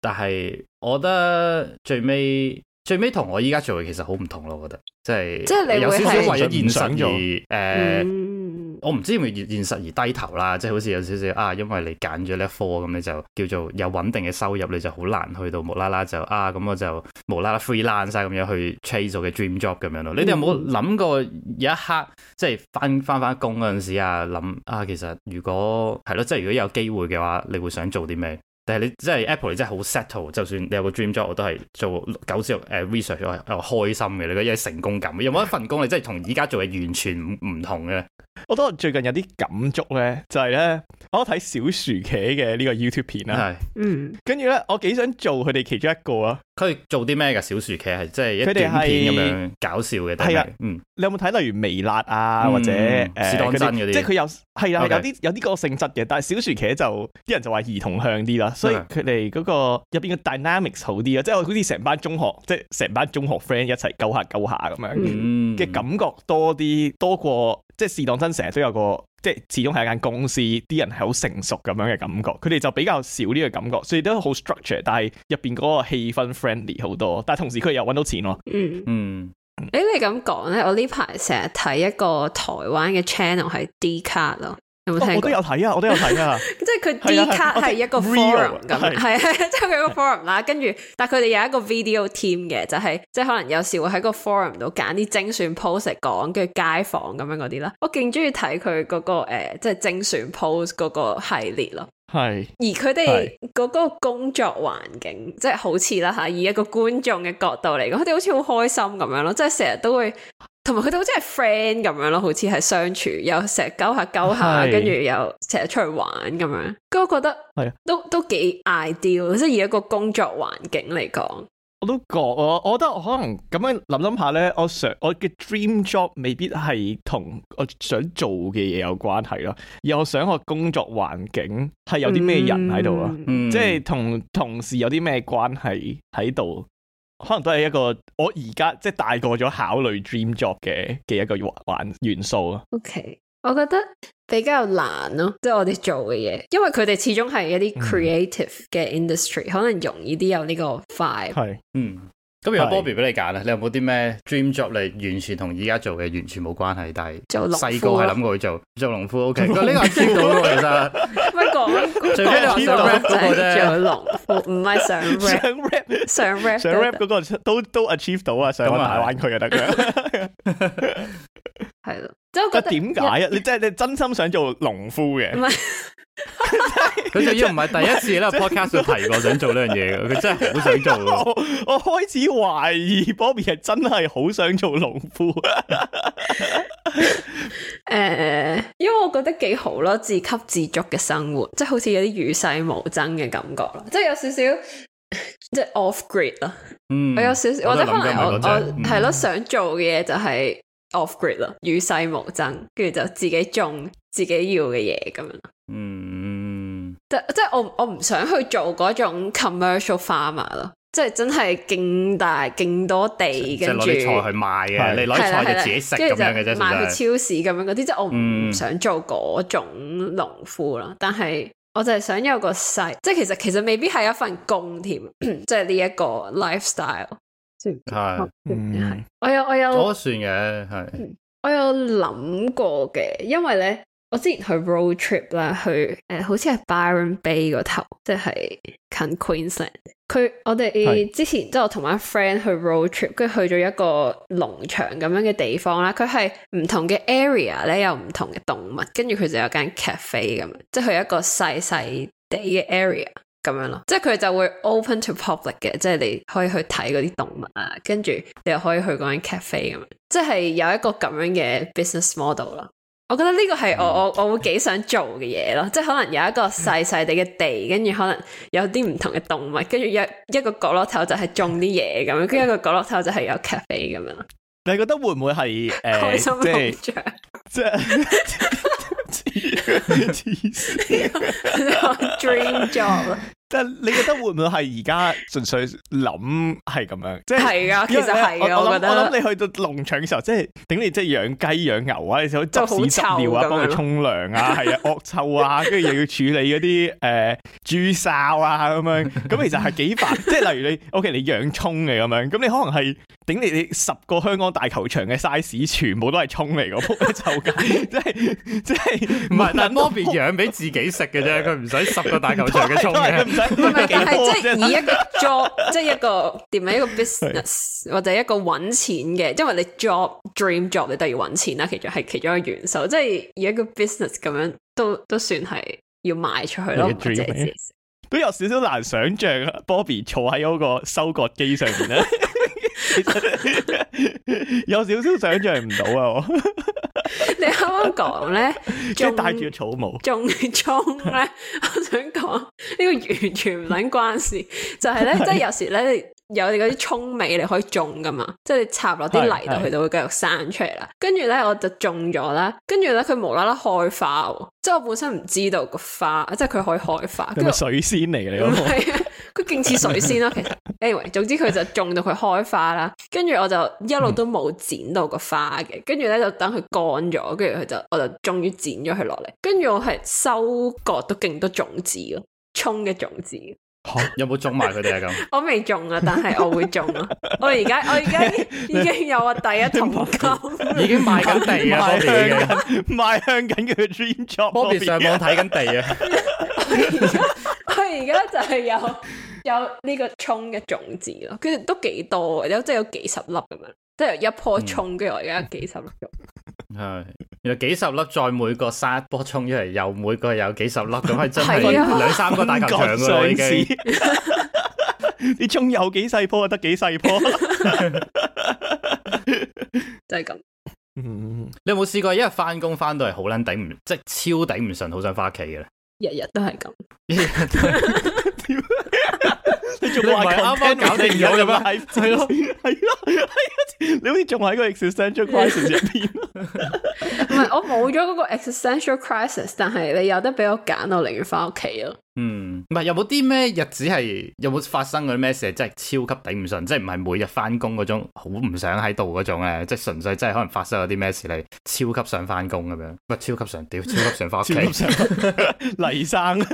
但係我覺得最尾最尾同我依家做嘅其實好唔同咯，我覺得即係即係你有少少為咗現實而誒。我唔知係咪現實而低頭啦，即係好似有少少啊，因為你揀咗呢一科咁你就叫做有穩定嘅收入，你就好難去到無啦啦就啊咁我就無啦啦 freelance 咁樣去 chase 做嘅 dream job 咁樣咯。你哋有冇諗過有一刻即係翻翻翻工嗰陣時啊，諗啊其實如果係咯，即係如果有機會嘅話，你會想做啲咩？但係你即係 Apple，你真係好 settle，就算你有個 dream job，我，我都係做九至六 research 又開心嘅，你覺得有成功感。有冇一份工你真係同而家做嘅完全唔同嘅？.我都最近有啲感觸咧，就係咧，我睇小薯茄嘅是呢個 YouTube 片啦。係，嗯，跟住咧，我幾想做佢哋其中一個啊。佢哋做啲咩㗎？小薯茄係即係佢哋片咁樣搞笑嘅。係啊的，嗯、你有冇睇例如微辣啊，或者誒？試當真嗰啲。即係佢有係啊，有啲有啲個性質嘅，但係小薯茄就啲人就話兒童向啲啦，所以佢哋嗰個入邊嘅 dynamics 好啲啊，即係好似成班中學，即係成班中學 friend 一齊鳩下鳩下咁樣嘅、嗯嗯、感覺多啲多過。即係適當真成日都有個，即係始終係一間公司，啲人係好成熟咁樣嘅感覺，佢哋就比較少呢個感覺，所以都好 structure，但係入邊嗰個氣氛 friendly 好多，但係同時佢又搵到錢咯。嗯嗯，誒、嗯，欸、你咁講呢，我呢排成日睇一個台灣嘅 channel 係 Dcard 咯。哦、我都有睇啊！我都有睇啊！ [LAUGHS] 即係佢 Dcard 係一個 for、um、forum 咁是，係係 [LAUGHS] 即係佢個 forum 啦是。跟住，但係佢哋有一個 video team 嘅，就係、是、即係可能有時會喺個 forum 度揀啲精選 post 嚟講，跟住街訪咁樣嗰啲啦。我勁鍾意睇佢嗰個誒，即、呃、係、就是、精選 post 嗰個系列咯。係是，而佢哋嗰個工作環境，即係好似啦吓，以一個觀眾嘅角度嚟講，佢哋好似好開心咁樣咯，即係成日都會。同埋佢哋好似係 friend 咁樣咯，好似係相處，又成日勾下勾下，跟住是又成日出去玩咁樣，咁我覺得都是的 都，都幾 ideal。即係以一個工作環境嚟講，我都覺啊，我覺得我可能咁樣諗諗下咧，我想我嘅 dream job 未必係同我想做嘅嘢有關係咯，而我想我工作環境係有啲咩人喺度啊，即係同同事有啲咩關係喺度。可能都係一個我而家即係大個咗考慮 dream job 嘅嘅一個環元素啊。O、okay. K，我覺得比較難咯，即、就、係、是、我哋做嘅嘢，因為佢哋始終係一啲 creative 嘅 industry，、嗯、可能容易啲有呢個 five 係是，嗯。咁如果 Bobby 俾你揀咧，你有冇啲咩 dream job 你？完全同依家做嘅完全冇關係，但係細個係諗過去做做農夫。OK，呢個我知道啦，其實。乜講？最尾係想 rap 嗰個，想農，唔係想 rap，想 rap，想 rap 嗰個都都 achieve 到啊！上個大灣區就得。係咯， [MUSIC] 即係點解啊？你即係你真心想做農夫嘅？唔係佢仲要唔係第一次啦 [LAUGHS] 真不。podcast 都提過想做呢樣嘢嘅，佢真係好想做我。我開始懷疑 Bobby 係真係好想做農夫。誒，因為我覺得幾好咯，自給自足嘅生活，即係好似有啲與世無爭嘅感覺咯，即係有少少即係 off grid、嗯、我有少少，或者可能我我係咯，嗯、想做嘅嘢就係、是。off-grid 咯，與世無爭，跟住就自己種自己要嘅嘢咁樣。嗯，即即係我我唔想去做嗰種 commercial farmer 咯，即係真係勁大勁多地，跟住攞啲菜去賣嘅，的你攞菜就自己食咁樣嘅啫。買去超市咁樣嗰啲，即係我唔想做嗰種農夫咯。嗯、但係我就係想有個細，即係其實其實未必係一份工添，即係呢一個 lifestyle。係，係，我有我有，可算嘅係，我有諗過嘅，因為咧，我之前去 road trip 啦，去誒、呃，好似係 Byron Bay 嗰頭，即係近 Queensland。佢我哋是之前即係我同埋 friend 去 road trip，跟住去咗一個農場咁樣嘅地方啦。佢係唔同嘅 area 咧，有唔同嘅動物，跟住佢就有間 cafe 咁樣，即係一個細細哋嘅 area。咁樣咯，即係佢就會 open to public 嘅，即係你可以去睇嗰啲動物啊，跟住你又可以去嗰間 cafe 咁樣，即係有一個咁樣嘅 business model 咯。我覺得呢個係我、嗯、我我會幾想做嘅嘢咯，即係可能有一個細細地嘅地，跟住可能有啲唔同嘅動物，跟住一一個角落頭就係種啲嘢咁樣，跟一個角落頭就係有 cafe 咁樣。你覺得會唔會係、呃、開心即雀？痴死，dream job。 [LAUGHS] 但係你覺得會唔會係而家純粹諗係咁樣？即係係啊，其實係啊，我,想我覺得。我諗你去到農場嘅時候，即係頂你即係養雞養牛撿撿撿啊，你就要執屎執尿啊，幫佢沖涼啊，係啊，惡臭啊，跟住又要處理嗰啲誒豬潲啊咁樣。咁其實係幾煩。即係 [LAUGHS] 例如你 OK，你養葱嘅咁樣，咁你可能係。頂你十個香港大球場嘅 size，全部都係蔥嚟嘅，撲喺臭街，即係即係唔係？但 Bobby 養俾自己食嘅啫，佢唔使十個大球場嘅蔥嘅，唔使唔係即係以一個 job，即係一個點樣一個 business 或者一個搵錢嘅，因為你 job dream job 你都要搵錢啦，其實係其中一個元素，即係以一個 business 咁樣都都算係要賣出去咯，都有少少難想象 Bobby 坐喺嗰個收割機上面咧。 [LAUGHS] 有少少想象唔到啊 [LAUGHS] 你剛剛！你啱啱講咧，即係戴住草帽，仲唔中咧？我想講呢、這個完全唔關事，就係、是、咧， [LAUGHS] 的即係有時咧。有啲嗰啲蔥尾你可以種噶嘛，即係你插落啲泥度，佢就會繼續生出嚟啦。跟住咧，我就種咗啦，跟住咧佢無啦啦開花、哦，即係我本身唔知道個花，即係佢可以開花。佢係水仙嚟嘅，你佢勁似、啊、水仙咯。其實 anyway，總之佢就種到佢開花啦。跟住我就一路都冇剪到個花嘅，跟住咧就等佢乾咗，跟住佢就我就終於剪咗佢落嚟。跟住我係收割都勁多種子咯，蔥嘅種子。哦、有冇種埋佢哋啊？咁 [LAUGHS] 我未種啊，但係我會種啊。 [LAUGHS] 我而家我而家已經有啊第一桶金，已經買緊地啊，買 [LAUGHS] 向緊嘅 [LAUGHS] dream job。Bobby 上網睇緊地啊 [LAUGHS] [LAUGHS] 我而家就係有有呢個蔥嘅種子咯，跟住都幾多，有即係有幾十粒咁樣，即係有一棵蔥跟住我而家幾十粒。係、嗯，原來幾十粒再每個生一波衝出嚟，又每個又有幾十粒，咁係真係兩三個大球場嘅啲冲有幾細波，得幾細波，真係咁。你有冇試過一日翻工翻到係好撚頂唔，即係超頂唔順，好想翻屋企嘅咧？日日都係咁。 [LAUGHS] [LAUGHS] 仲話係啱啱搞定咗？咁樣係？係咯，係咯，係。你好似仲喺個 existential crisis 入邊。唔係， [LAUGHS] [LAUGHS] 我冇咗嗰個 existential crisis，但係你有得俾我揀，我寧願翻屋企咯。嗯，唔係有冇啲咩日子係有冇發生嗰啲咩事真，即係超級頂唔順，即係唔係每日返工嗰種好唔想喺度嗰種誒，即係純粹即係可能發生咗啲咩事嚟，超級想返工咁樣，唔係超級想屌，超級想返屋企， [LAUGHS] [LAUGHS] 黎生都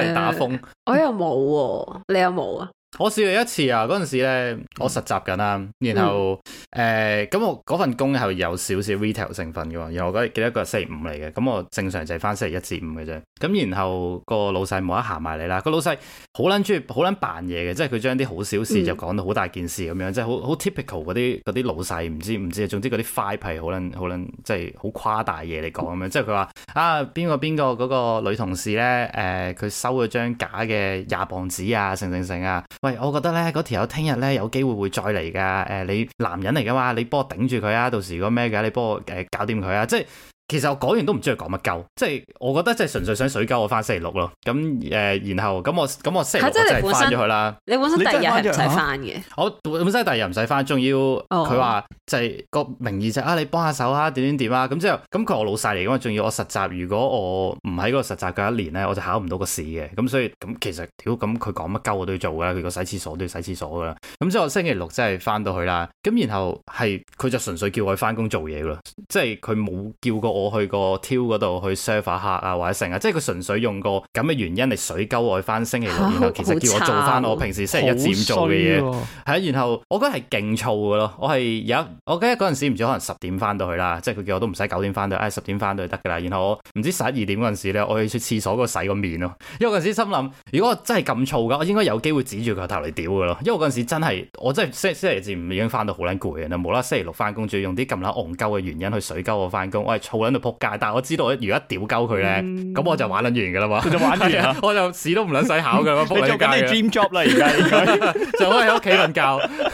係 [LAUGHS] 打風，我又冇，啊，你又冇啊？我試過一次啊！嗰陣時咧，我實習緊啦，然後誒咁我嗰份工係有少少 retail 成分嘅喎，然後我記得記得個係星期五嚟嘅，咁我正常就係翻星期一至五嘅啫。咁然後個老細冇啦啦行埋嚟啦，個老細好撚中意好撚扮嘢嘅，即係佢將啲好小事就講到好大件事咁樣，即係好好 typical 嗰啲啲老細唔知唔知，總之嗰啲 five 係好撚好撚，即係好誇大嘢嚟講咁樣。即係佢話啊，邊個邊個嗰個女同事咧誒佢收咗張假嘅廿磅紙啊，成成成啊！喂，我覺得咧嗰條友聽日咧有機會會再嚟噶。誒、呃、你男人嚟噶嘛？你幫我頂住佢啊！到時如果咩嘅，你幫我誒、呃、搞掂佢啊！即係。其實我講完都唔知佢講乜鳩，即係我覺得即係純粹想水鳩我翻星期六咯，咁、嗯、誒，然後咁我咁我星期六就係翻咗去啦。你本，去你本身第二日唔使翻嘅。啊、我本身第二日唔使翻，仲要佢話、哦、就係個名義就是、啊，你幫下手啊，點點點啊，咁之後咁佢我老細嚟噶嘛，仲要我實習如果我唔喺嗰個實習嘅一年咧，我就考唔到個試嘅，咁、嗯、所以咁、嗯、其實屌咁佢講乜鳩我都要做噶啦，如果洗廁所都要洗廁所噶啦，咁所以我星期六即係翻到去啦，咁然後係佢就純粹叫我去翻工做嘢咯，即係佢冇叫過。我去個 t 嗰度去 serve 下客啊，或者成啊，即係佢純粹用個咁嘅原因嚟水溝我去翻星期六，然後其實叫我做翻我平時星期一至五做嘅嘢，係啊，然後我覺得係勁燥嘅咯，我係有我記得嗰陣時唔知可能十點翻到去啦，即係佢叫我都唔使九點翻到，唉十點翻到得噶啦，然後我唔知十一二點嗰陣時咧，我去廁所嗰洗個面咯，因為嗰陣時心諗如果我真係咁燥嘅，我應該有機會指住佢頭嚟屌嘅咯，因為嗰陣時真係我真係星星期一至五已經翻到好撚攰嘅，冇無啦星期六翻工仲要用啲咁撚戇鳩嘅原因去水溝我翻工，我係喺度仆街，但係我知道，我如果一屌鳩佢咧，咁我就玩撚完嘅啦，我就玩完，我就屎都唔撚使考嘅，我仆你街嘅。做緊你 dream job 啦，而家就我喺屋企瞓覺。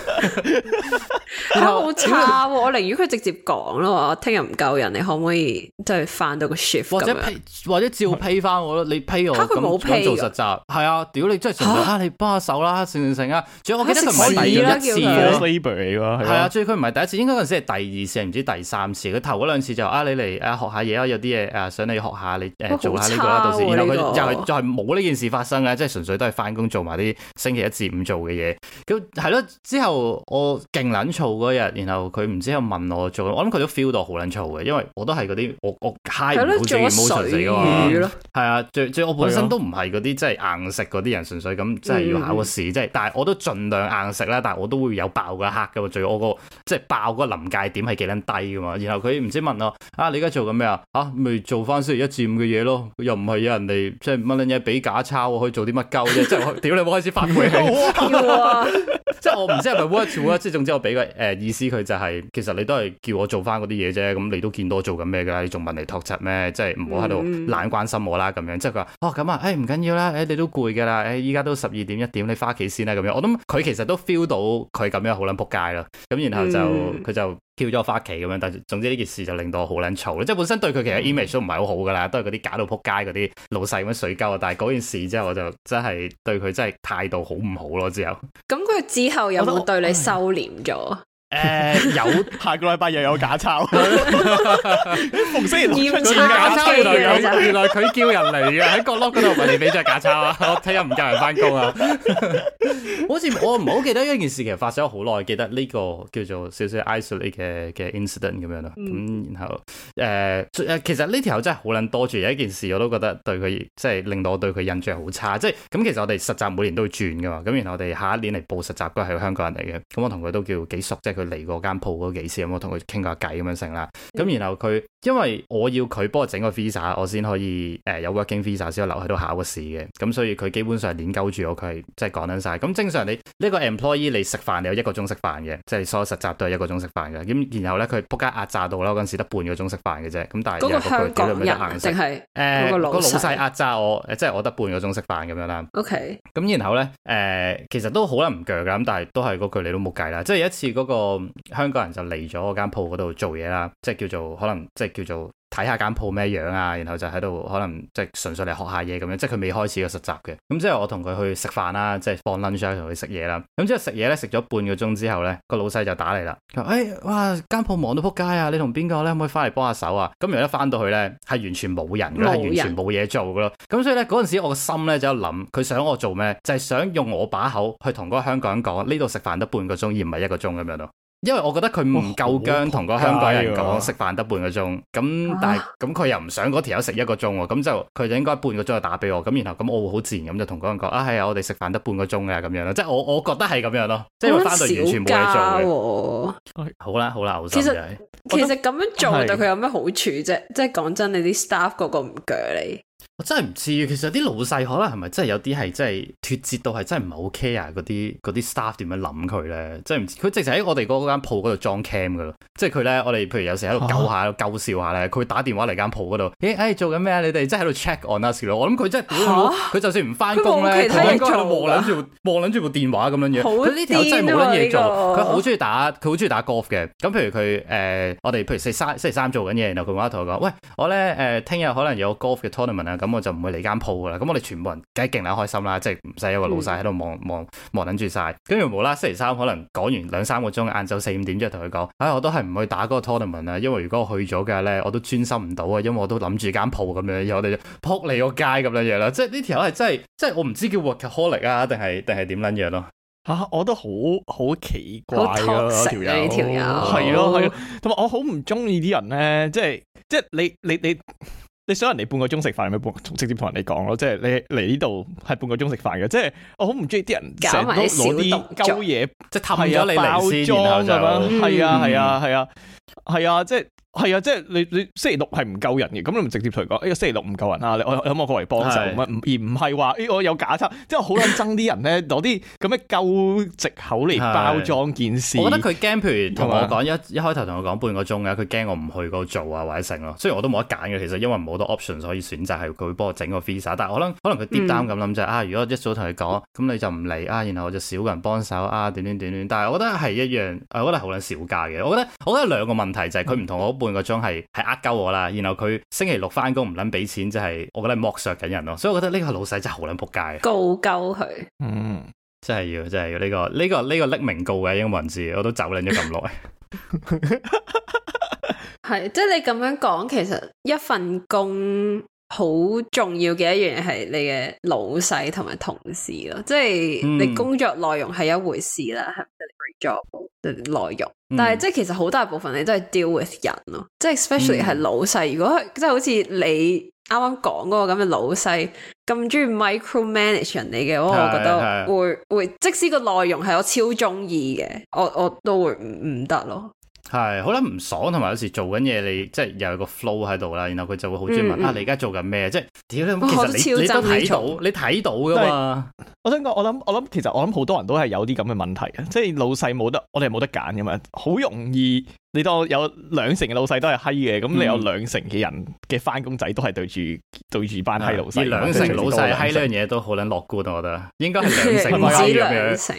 好差，我寧願佢直接講咯。我聽日唔夠人，你可唔可以即係翻到個 shift？或者批，或者照批翻我咯。你批我咁做實習，係啊，屌你真係唔得啊！你幫下手啦，成成啊！仲有我記得佢唔係第一次啦，係啊，仲要佢唔係第一次，應該嗰陣時係第二次，唔知第三次。佢頭嗰兩次就啊，你嚟。誒學下嘢啊！有啲嘢誒想你學下，你誒做下呢、這個哇時啊！到時然後佢又係冇呢件事發生嘅，即係純粹都係返工做埋啲星期一至五做嘅嘢。咁係咯，之後我勁撚躁嗰日，然後佢唔知有問我做，我諗佢都 feel 到好撚躁嘅，因為我都係嗰啲我我 high 冇止冇神啊，最最我、啊、本身都唔係啲即係硬食啲人，純粹咁即係要考個試，即係、嗯、但係我都儘量硬食啦。但係我都會有爆一刻嘅最，最我個即係爆嗰個臨界點係幾撚低嘅嘛。然後佢唔知問我啊，你做緊咩啊？嚇，咪做翻星期一至五嘅嘢咯，又唔係有人哋即係乜撚嘢俾假抄去做啲乜鳩啫？即係，屌你冇開始反回你，即係、 [LAUGHS] 嗯嗯、 [LAUGHS] 我唔知係咪 what to do 即係總之我俾個誒意思佢就係，其實你都係叫我做翻嗰啲嘢啫。咁你都見多做緊咩噶？你仲問你托柒咩？即係唔好喺度懶關心我啦。咁樣即係佢話哦咁啊，誒唔緊要啦，誒你都攰噶啦，誒依家都十二點一點，你翻屋企先啦。咁樣我諗佢其實都 feel 到佢咁樣好撚仆街啦。咁然後就佢就。嗯跳咗我返屋企咁樣，但總之呢件事就令到我好撚嘈咯，即係本身對佢其實 image 都唔係好好噶啦，都係嗰啲假到撲街嗰啲老細咁樣水溝，但係嗰件事之後我就真係對佢真係態度好唔好咯，之後。咁佢之後有冇對你收斂咗？誒，uh, 有下個禮拜又有假鈔，突然出現假鈔，原來佢叫人嚟嘅喺角落嗰度問你俾張假鈔啊！ [LAUGHS] [LAUGHS] 我聽日唔夠人翻工啊！好似我唔好記得一件事其實，發生咗好耐，記得呢、這個叫做少少 isolate 嘅嘅 incident 咁樣咯。咁然後誒、呃、其實呢條真係好捻多住，有一件事我都覺得對佢即係令到我對佢印象好差。即係咁，其實我哋實習每年都要轉噶嘛。咁然後我哋下一年嚟報實習都係香港人嚟嘅，咁我同佢都叫幾熟，即係嚟過間鋪嗰幾次，咁我同佢傾下偈咁樣成啦。咁然後佢，因為我要佢幫我整個 visa，我先可以誒、呃、有 working visa，先可以留喺度考個試嘅。咁、嗯、所以佢基本上係黏鳩住我，佢係即係講緊晒。咁、嗯、正常你呢個 employee 你食飯，你有一個鐘食飯嘅，即係所有實習都係一個鐘食飯嘅。咁然後咧，佢撲街壓榨到啦，嗰陣時得半個鐘食飯嘅啫。咁但係嗰個香港人定係誒個老細、呃那個、壓榨我，即係我得半個鐘食飯咁樣啦。OK、嗯。咁然後咧，誒、呃、其實都好啦，唔鋸㗎，但係都係嗰句你都冇計啦。即係有一次嗰、那個。香港人就嚟咗嗰間鋪嗰度做嘢啦，即係叫做可能即係叫做睇下間鋪咩樣啊，然後就喺度可能即係純粹嚟學下嘢咁樣，即係佢未開始個實習嘅。咁之後我同佢去食飯啦，即係放 lunch 同佢食嘢啦。咁之後食嘢咧，食咗半個鐘之後咧，個老細就打嚟啦，佢話：哎，哇，間鋪忙到撲街啊！你同邊個咧，可唔可以翻嚟幫下手啊？咁然後一翻到去咧，係完全冇人嘅，係人完全冇嘢做嘅咯。咁所以咧嗰陣時我，我個心咧就諗，佢想我做咩？就係、係、想用我把口去同嗰個香港人講，呢度食飯得半個鐘而唔係一個鐘咁樣咯。因為我覺得佢唔夠薑，同個香港人講食飯得半個鐘，咁哇但係咁佢又唔想嗰條友食一個鐘喎，咁就佢就應該半個鐘就打俾我，咁然後咁我會好自然咁就同嗰人講啊係啊，我哋食飯得半個鐘嘅咁樣啦，即係我我覺得係咁樣咯，即係翻到完全冇嘢做，啊好。好啦好啦，其實其實咁樣做對佢有咩好處啫？即係講真，你啲 staff 個個唔鋸你。我真係唔知，其實啲老細可能係咪真係有啲係真係脫節到係真係唔係好 care 嗰啲啲 staff 點樣諗佢咧？真係唔知，佢直情喺我哋嗰間鋪嗰度裝 cam 噶咯，即係佢咧，我哋譬如有時喺度搞下、啊、搞笑下咧，佢打電話嚟，間鋪嗰度，誒、欸哎，做緊咩啊？你哋真係喺度 check on us 咯。我諗佢真係估佢就算唔返工咧，頭先喺望捻住望捻住部電話咁樣樣，啊、又真係冇乜嘢做。佢好中意打佢好中意打 golf 嘅。咁譬如佢，誒，我哋譬如星期三星期三做緊嘢，然後佢話同我講，喂我咧，誒，聽日可能有 golf 嘅 tournament 咁我就唔會嚟間鋪噶啦，咁我哋全部人梗係勁啦，開心啦，即係唔使一個老細喺度望望望等住晒，跟住冇啦，星期三可能講完兩三個鐘晏晝四五點，即係同佢講，唉，我都係唔去打嗰個 tournament 啊，因為如果我去咗嘅咧，我都專心唔到啊，因為我都諗住間鋪咁樣，而我哋撲你個街咁樣嘢啦，即係呢條友係真係，即係我唔知叫 workaholic 啊，定係定係點捻嘢咯？吓，我都好好奇怪咯，條友，條友係咯係，同埋我好唔中意啲人咧，即係即係你你你。你你你想人嚟半個鐘食飯，咪直接同人哋講咯。即係你嚟呢度係半個鐘食飯嘅。即係我好唔中意啲人成日攞啲溝嘢，即係氹咗你嚟，然後咁樣。係啊係啊係啊係啊，啊，即係。係啊，即係你你星期六係唔夠人嘅，咁你咪直接同佢講，呢個星期六唔夠人啊，你有冇過嚟幫手？是的 而唔係話，哎、欸、我有假鈔，即係好捻憎啲人咧攞啲咁嘅鳩藉口嚟包裝件事。是的 我覺得佢驚，譬如同我講一的一開頭同我講半個鐘嘅，佢驚我唔去嗰度做啊或者剩咯。雖然我都冇得揀嘅，其實因為冇好多 option 所以選擇係佢會幫我整個 visa。但係我諗可能佢 deep down 咁諗就是，啊，如果一早同你講咁你就唔嚟啊，然後我就少個人幫手啊，點點點點。但係我覺得係一樣，我覺得好捻少價嘅。我覺得我覺得，我覺得有兩個問題就係佢唔同我。呃啊啊啊啊啊啊啊啊半個鐘係係呃鳩我啦，然後佢星期六返工唔卵俾錢，即係我覺得係剝削緊人咯，所以我覺得呢個老細真係好卵仆街。告鳩佢，嗯，真係要，真係要呢個呢個呢個匿名告嘅英文字，我都走捻咗咁耐。係，即係你咁樣講，其實一份工。好重要嘅一樣嘢，係你嘅老細同埋同事咯，即係你工作內容係一回事啦，係咪、嗯？係咪你工作內容，嗯、但係即係其實好大部分你都係 deal with 人咯，即係 especially 係老細。嗯、如果即係好似你啱啱講嗰個咁嘅老細咁中意 micro manage 人哋嘅話，我我覺得會的會，會，即使個內容係我超中意嘅，我我都會唔唔得咯。係，好撚，唔爽同埋有時做緊嘢，你即係又有個 flow 喺度啦，然後佢就會好專問、嗯、啊！你而家做緊咩？即係其實你都你都睇到，你睇到噶嘛？我想講，我諗我諗，其實我諗好多人都係有啲咁嘅問題，即係老細冇得，我哋冇得揀噶嘛。好容易，你當有兩成嘅老細都係閪嘅，咁、嗯、你有兩成嘅人嘅翻工仔都係對住對住班閪老細、嗯。而兩成老細閪呢樣嘢都好撚樂觀，我覺得應該係兩成，唔止兩成。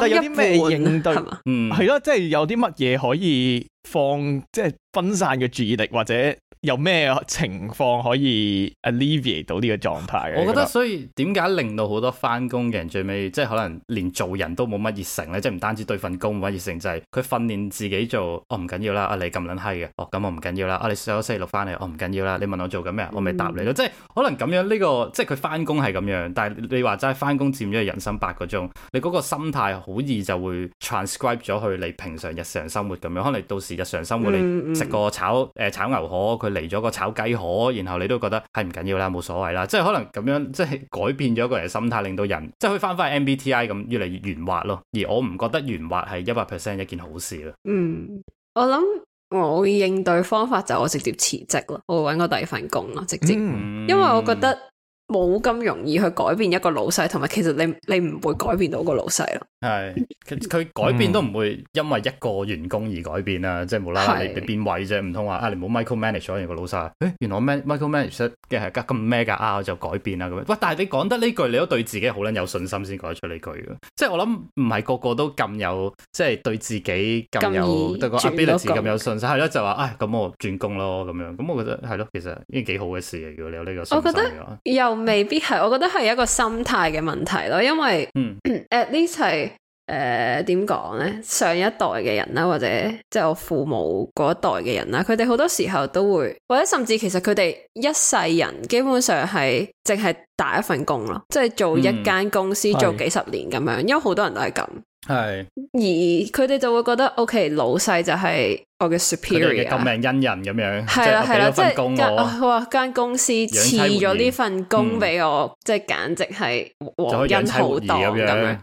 但有啲咩應對， [NOISE] 是嗯，係咯，即係有啲乜嘢可以放，即係分散嘅注意力，或者？有咩情況可以 alleviate 到呢個狀態，我覺得所以點解令到好多返工嘅人最尾，即係可能連做人都冇乜熱誠咧，即係唔單止對份工冇乜熱誠，就係、是，佢訓練自己做，哦，唔緊要啦，阿你咁撚閪嘅，哦咁我唔緊要啦，阿、哦，你上咗星期六返嚟，我唔緊要啦，你問我做緊咩，我咪答你咯、嗯這個。即係可能咁樣呢個即係佢返工係咁樣，但係你話齋返工佔咗人生八個鐘，你嗰個心態好易就會 transcribe 咗去你平常日常生活咁樣，可能你到時日常生活你食個炒誒、嗯嗯、炒牛河佢。嚟咗個炒雞河，然後你都覺得係唔緊要啦，冇所謂啦，即係可能咁樣，即係改變咗個人嘅心態，令到人即係翻返去 MBTI 咁越嚟越圓滑咯。而我唔覺得圓滑係一百 percent 一件好事咯。嗯，我諗我應對方法就係我直接辭職咯，我會揾個第二份工咯，直接，因為我覺得。嗯冇咁容易去改變一個老細，同埋其實你你唔會改變到個老細咯。係佢改變都唔會因為一個員工而改變啊！即係無啦啦你你變位啫，唔通話啊你冇 micro-manage 咗個老細？誒，原來我 micro-manage 嘅係咁咩噶？啊就改變啊咁樣。喂，但係你講得呢句，你都對自己好撚，有信心先講出呢句。即係我諗唔係個個都咁有，即係對自己咁有對個 ability 咁有信心，係咯就話唉咁我轉工咯咁樣。咁我覺得係咯，其實已經幾好嘅事嚟。如果你有呢個，我覺得又。未必係，我覺得係一個心態嘅問題咯，因為、嗯、 [COUGHS] at least 係誒，點講呢？上一代嘅人啦，或者即係我父母嗰一代嘅人啦，佢哋好多時候都會，或者甚至其實佢哋一世人基本上係淨係打一份工咯，即係做一間公司，嗯、做幾十年咁樣，因為好多人都係咁。係，是而佢哋就會覺得，OK，老細就係我嘅 superior，救命恩人咁樣，係啦係啦，即係話，間公司賜咗呢份工俾我，嗯、即係簡直係因好多咁樣。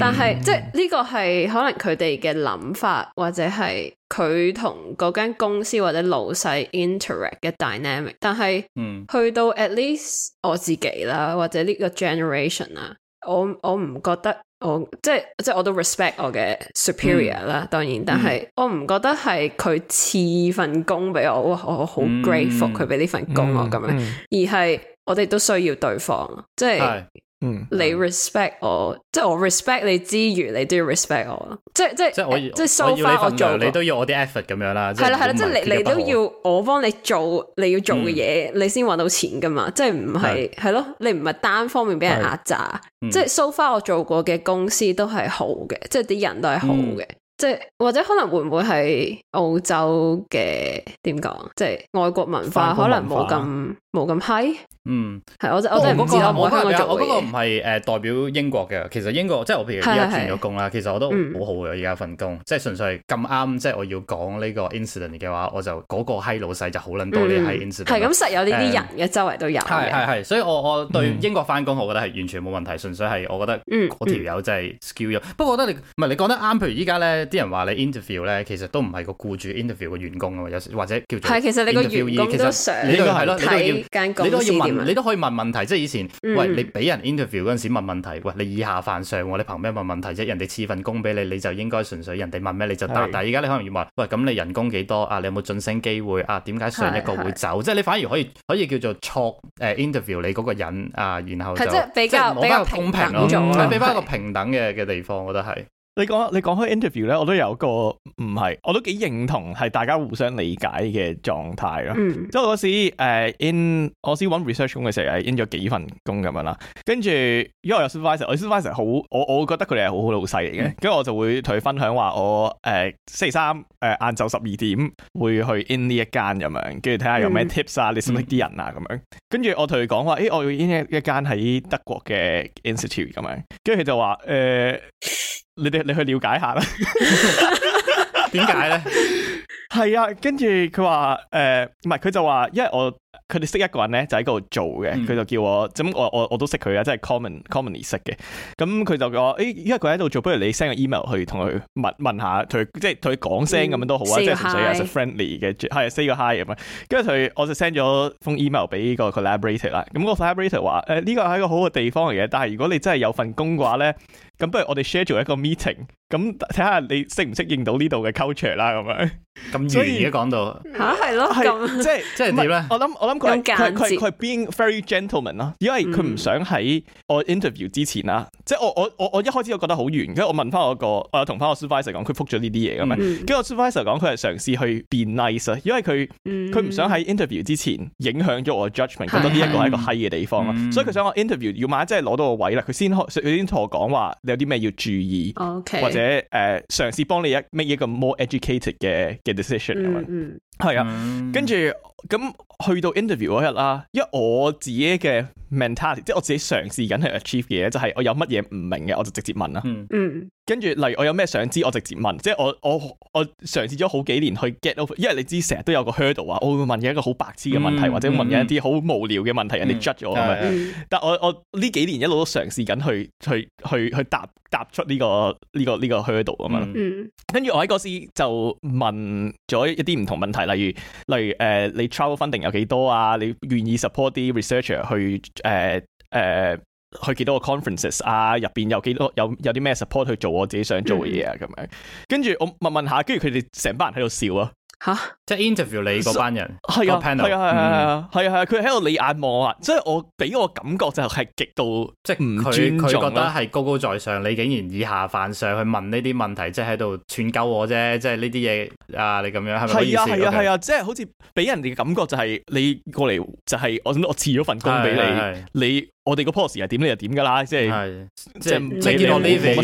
但係即係呢個係可能佢哋嘅諗法，或者係佢同嗰間公司或者老細 interact 嘅 dynamic。但係、嗯，去到 at least 我自己啦，或者呢個 generation 啦，我我唔覺得。我即係即係我都 respect 我嘅 superior 啦，嗯、當然，但係我唔覺得係佢賜份工俾我，哇、嗯，我好 grateful 佢俾呢份工啊咁、嗯嗯、樣，而係我哋都需要對方，即係。嗯，你 respect 我，即係我 respect 你之餘，你都要 respect 我，即係即係即係我即係 so far 我做，你都要我啲 effort 咁樣啦。係啦係啦，即係你你都要我幫你做你要做嘅嘢，你先搵到錢㗎嘛。即係唔係係咯，你唔係單方面俾人壓榨。即係 so far 我做過嘅公司都係好嘅，即係啲人都係好嘅。即係或者可能會唔會喺澳洲嘅點講，即係外國文化可能冇咁。冇咁閪，嗯，係，我我真唔知啊。我嗰個唔係誒代表英國嘅，其實英國即係我譬如而家轉咗工啦，其實我都好好嘅依家份工，即係純粹係咁啱，即係我要講呢個 incident 嘅話，我就嗰個閪老細就好撚多啲閪 incident。係咁實有呢啲人嘅，周圍都有，係係。所以我我對英國返工，我覺得係完全冇問題，純粹係我覺得嗰條友真係 skill 咗。不過我覺得你唔係，你講得啱，譬如依家咧，啲人話你 interview 咧，其實都唔係個僱主 interview 嘅員工啊嘛，有時或者叫做係其實你個員工都想咯，你都要問，問你都可以問問題。即係以前、嗯、喂，你俾人 interview 嗰陣時問問題，喂，你以下犯上，你憑咩問問題啫？人哋賜份工俾你，你就應該純粹人哋問咩你就答。是但係而家你可能要問，喂，咁你人工幾多啊？你有冇晉升機會啊？點解上一個會走？即係你反而可以可以叫做 t 誒、呃、interview 你嗰個人啊，然後就即係比較即比較公平咯，俾翻一個平等嘅嘅地方，我覺得係。你講你講開 interview 咧，我都有個唔係，我都幾認同係大家互相理解嘅狀態咯。即係、嗯、我嗰時誒、呃、in，我嗰時揾 research 工嘅時候係 in 咗幾份工咁樣啦。跟住因為我有 supervisor，我 supervisor 好，我我覺得佢哋係好好老細嚟嘅。跟住、嗯、我就會同佢分享話我誒星期三誒晏晝十二點會去 in 呢一間咁樣，跟住睇下有咩 tips 啊，嗯、你識唔識啲人啊咁樣。跟住我同佢講話，誒、欸、我要 in 一一間喺德國嘅 institute 咁樣，跟住佢就話誒。呃呃 [LAUGHS] 你哋去了解下啦，點解呢？係 [LAUGHS] [LAUGHS] [LAUGHS] 啊，跟住佢話誒，唔係佢就話，因為我。佢哋識一個人咧，就喺嗰度做嘅，佢就叫我，咁我我我都識佢啊，即係 common，commonly 識嘅。咁佢就講，誒，依一佢喺度做，不如你 send 個 email 去同佢問問下，佢即係同佢講聲咁樣都好啊，即係、嗯、純粹係 friendly 嘅，係 say 個 hi 咁啊。跟住佢，我就 send 咗封 email 俾個 collaborator 啦。咁個 collaborator 話，誒，呢個係一個好嘅地方嚟嘅，但係如果你真係有份工嘅話咧，咁不如我哋 schedule 一個 meeting，咁睇下你適唔適應到呢度嘅 culture 啦，咁樣。咁而而家講到嚇係咯，以啊、即係即係點咧？我諗 [LAUGHS] 我諗佢佢佢 being very gentleman 啦、啊，因為佢唔想喺我 interview 之前啦、啊，嗯、即係我我我我一開始我覺得好遠，跟住我問翻我個我同翻我 supervisor 講，佢覆咗呢啲嘢嘅咩？跟住我 supervisor 講，佢係嘗試去變 nice 啊，因為佢佢唔想喺 interview 之前影響咗我 judgment 覺得呢一個係一個閪嘅地方咯、啊，嗯、所以佢想我 interview 要萬一真係攞到個位啦，佢先開佢先同我講話，你有啲咩要注意，嗯、或者誒嘗試幫你一 make 一個 more educated 嘅嘅 decision 咁樣、嗯。嗯係啊，跟住咁去到 interview 嗰日啦，因為我自己嘅 mentality，即係我自己嘗試緊去 achieve 嘅嘢，就係、是、我有乜嘢唔明嘅，我就直接問啦。跟住、嗯、例如我有咩想知，我直接問，即係我我我嘗試咗好幾年去 get over，因為你知成日都有個 hurdle 啊，我會問嘅一個好白痴嘅問題，嗯、或者問嘅一啲好無聊嘅問題，嗯、人哋 judge 咗啊嘛。嗯、但係我我呢幾年一路都嘗試緊去去去去，去答答出呢、呢個呢、呢個呢、呢個 hurdle 啊嘛。跟住我喺嗰時就問咗一啲唔同問題。例如，例如誒、呃，你 travel funding 有幾多啊？你願意 support 啲 researcher 去誒誒、呃呃、去幾多個 conferences 啊？入邊有幾多有有啲咩 support 去做我自己想做嘅嘢啊？咁樣跟住我問問下，跟住佢哋成班人喺度笑啊！吓！即係 interview 你嗰班人，係啊，panel，係啊，係啊，係啊，係啊，佢喺度你眼望啊，即係我俾我感覺就係極度，即係唔尊重咯。佢覺得係高高在上，你竟然以下犯上去問呢啲問題，即係喺度串鳩我啫，即係呢啲嘢啊，你咁樣係咪？係啊，係啊，係啊，即係好似俾人哋嘅感覺就係你過嚟就係我我辭咗份工俾你，你。我哋個 pos 係點你就點㗎喇，即係即係即係你唔使知嘅，唔好意思，唔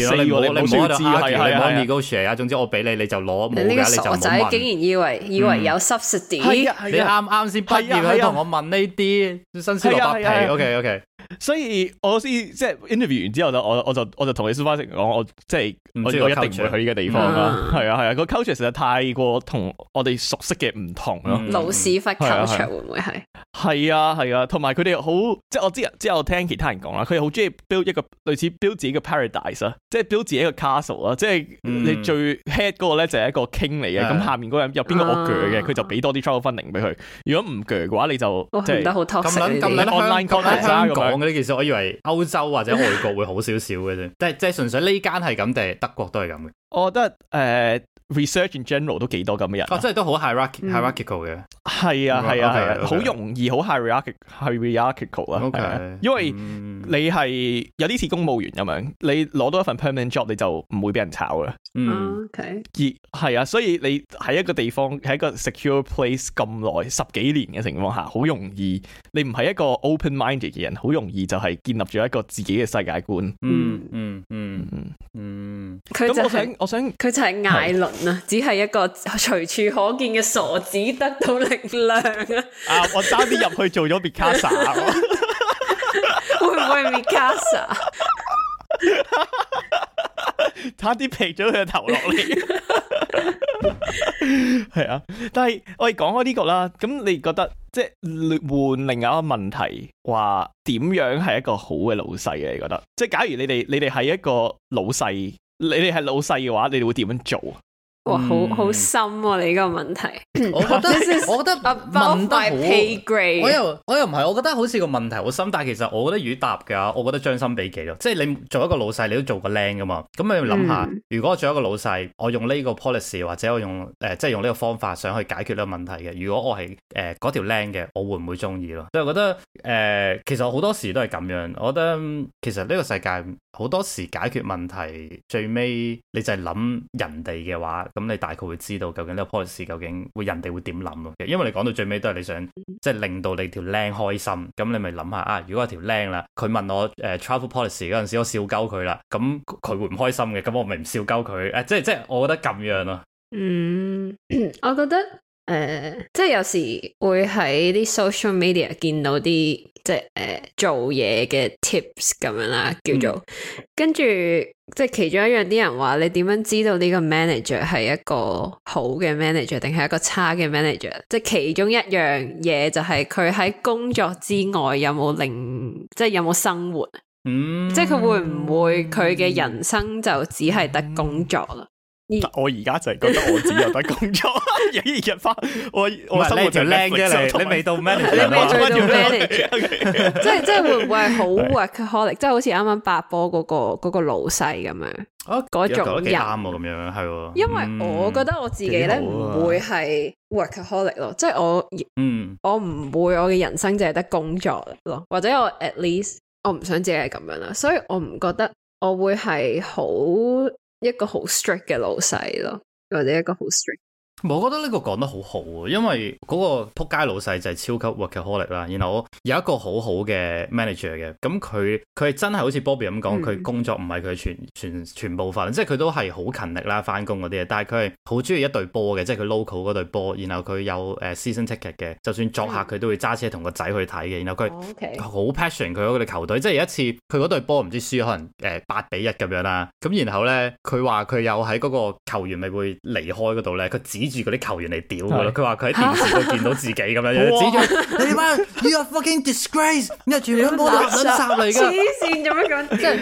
好意思。總之我俾你，你就攞，冇你就唔問。你竟然以為以為有 subsidy，你啱啱先畢業去同我問呢啲新鮮白皮，OK OK。所以我先即係 interview 完之後就我我就我就同你蘇花石講，我即係我知我一定唔會去依個地方啦，係啊係啊個 culture 實在太過同我哋熟悉嘅唔同咯。老屎忽 culture 會唔會係？係啊係啊，同埋佢哋好即係我知之後聽其他人講啦，佢哋好中意 build 一個類似 build 自己嘅 paradise 啦，即係 build 自己一個 castle 啦，即係你最 head 嗰個咧就係一個 king 嚟嘅，咁、嗯、下面嗰人有邊個我鋸嘅，佢、啊、就俾多啲 travel funding 俾佢。如果唔鋸嘅話你就唔、喔、得好 t a 咁香港 講嘅咧，其實我，我以為歐洲或者外國會好少少嘅啫，即 [LAUGHS] 即純粹呢間係咁定係德國都係咁嘅。我覺得誒。呃 Research in general 都幾多咁嘅人、啊，哦，真係都好 hierarchical 嘅、嗯，係啊係啊係啊，好、啊 okay, okay, 容易好 hierarchical hierarchical okay, 啊，因為你係有啲似公務員咁樣，你攞到一份 permanent job 你就唔會俾人炒啦，嗯，ok 而係啊，所以你喺一個地方喺一個 secure place 咁耐十幾年嘅情況下，好容易你唔係一個 open minded 嘅人，好容易就係建立咗一個自己嘅世界觀，嗯嗯嗯。嗯嗯嗯嗯，佢就係、是、我想，佢就係艾倫啊，的只係一個隨處可見嘅傻子得到力量啊！ [LAUGHS] 啊，我差啲入去做咗米卡莎，會唔會米卡莎？差啲劈咗佢嘅頭落嚟。係 [LAUGHS] 啊，但係我哋講開呢個啦，咁你覺得即係換另一個問題，話點樣係一個好嘅老細嘅？你覺得即係假如你哋你哋係一個老細，你哋係老細嘅話，你哋會點樣做？哇，好好深啊！你呢個問題， [LAUGHS] is 我覺得，得 pay 我覺得問得好，我又我又唔係，我覺得好似個問題好深，但係其實我覺得魚答噶，我覺得將心比己咯，即係你做一個老細，你都做個僆噶嘛，咁你要諗下，如果我做一個老細，我用呢個 policy 或者我用誒即係用呢個方法，想去解決呢個問題嘅，如果我係誒嗰條僆嘅，我會唔會中意咯？即係我覺得誒、呃，其實好多時都係咁樣，我覺得其實呢個世界。好多時解決問題最尾你就係諗人哋嘅話，咁你大概會知道究竟呢個 policy 究竟會人哋會點諗咯。因為你講到最尾都係你想即係令到你條靚開心，咁你咪諗下啊，如果有條靚啦，佢問我誒 travel policy 嗰陣時，我笑鳩佢啦，咁佢會唔開心嘅，咁我咪唔笑鳩佢誒，即係即係我覺得咁樣咯、啊。嗯，我覺得誒，即係有時會喺啲 social media 見到啲。即係、呃、做嘢嘅 tips 咁樣啦，叫做、嗯、跟住即係其中一樣啲人話你點樣知道呢個 manager 係一個好嘅 manager 定係一個差嘅 manager？即係其中一樣嘢就係佢喺工作之外有冇另即係有冇生活？嗯，即係佢會唔會佢嘅人生就只係得工作啦？我而家就係覺得我自己有得工作，日日返。我我生活就靚啫，你你未到 manager 你未做到 manager 即係即係會唔會係好 workaholic？即係好似啱啱八波嗰個個老細咁樣嗰種人咁樣係。因為我覺得我自己咧唔會係 workaholic 咯，即係我嗯我唔會我嘅人生淨係得工作咯，或者我 at least 我唔想自己係咁樣啦，所以我唔覺得我會係好。一個好 strict 嘅老細咯，或者一個好 strict。我覺得呢個講得好好、啊、喎，因為嗰個撲街老細就係超級 workaholic 啦，然後有一個好好嘅 manager 嘅，咁佢佢係真係好似 Bobby 咁講，佢工作唔係佢全全全部份，即係佢都係好勤力啦，返工嗰啲嘢，但係佢係好中意一隊波嘅，即係佢 local 嗰隊波，然後佢有誒 season ticket 嘅，就算作客佢都會揸車同個仔去睇嘅，然後佢好 passion 佢嗰隊球隊，哦 okay. 即係有一次佢嗰隊波唔知輸可能誒八比一咁樣啦，咁然後呢，佢話佢有喺嗰個球員咪會離開嗰度呢。佢指。住嗰啲球員嚟屌噶咯！佢話佢喺電視度見到自己咁樣，指住你哋班 you are fucking disgrace，然後全部都冇立卵雜嚟噶！黐線做咩講？即係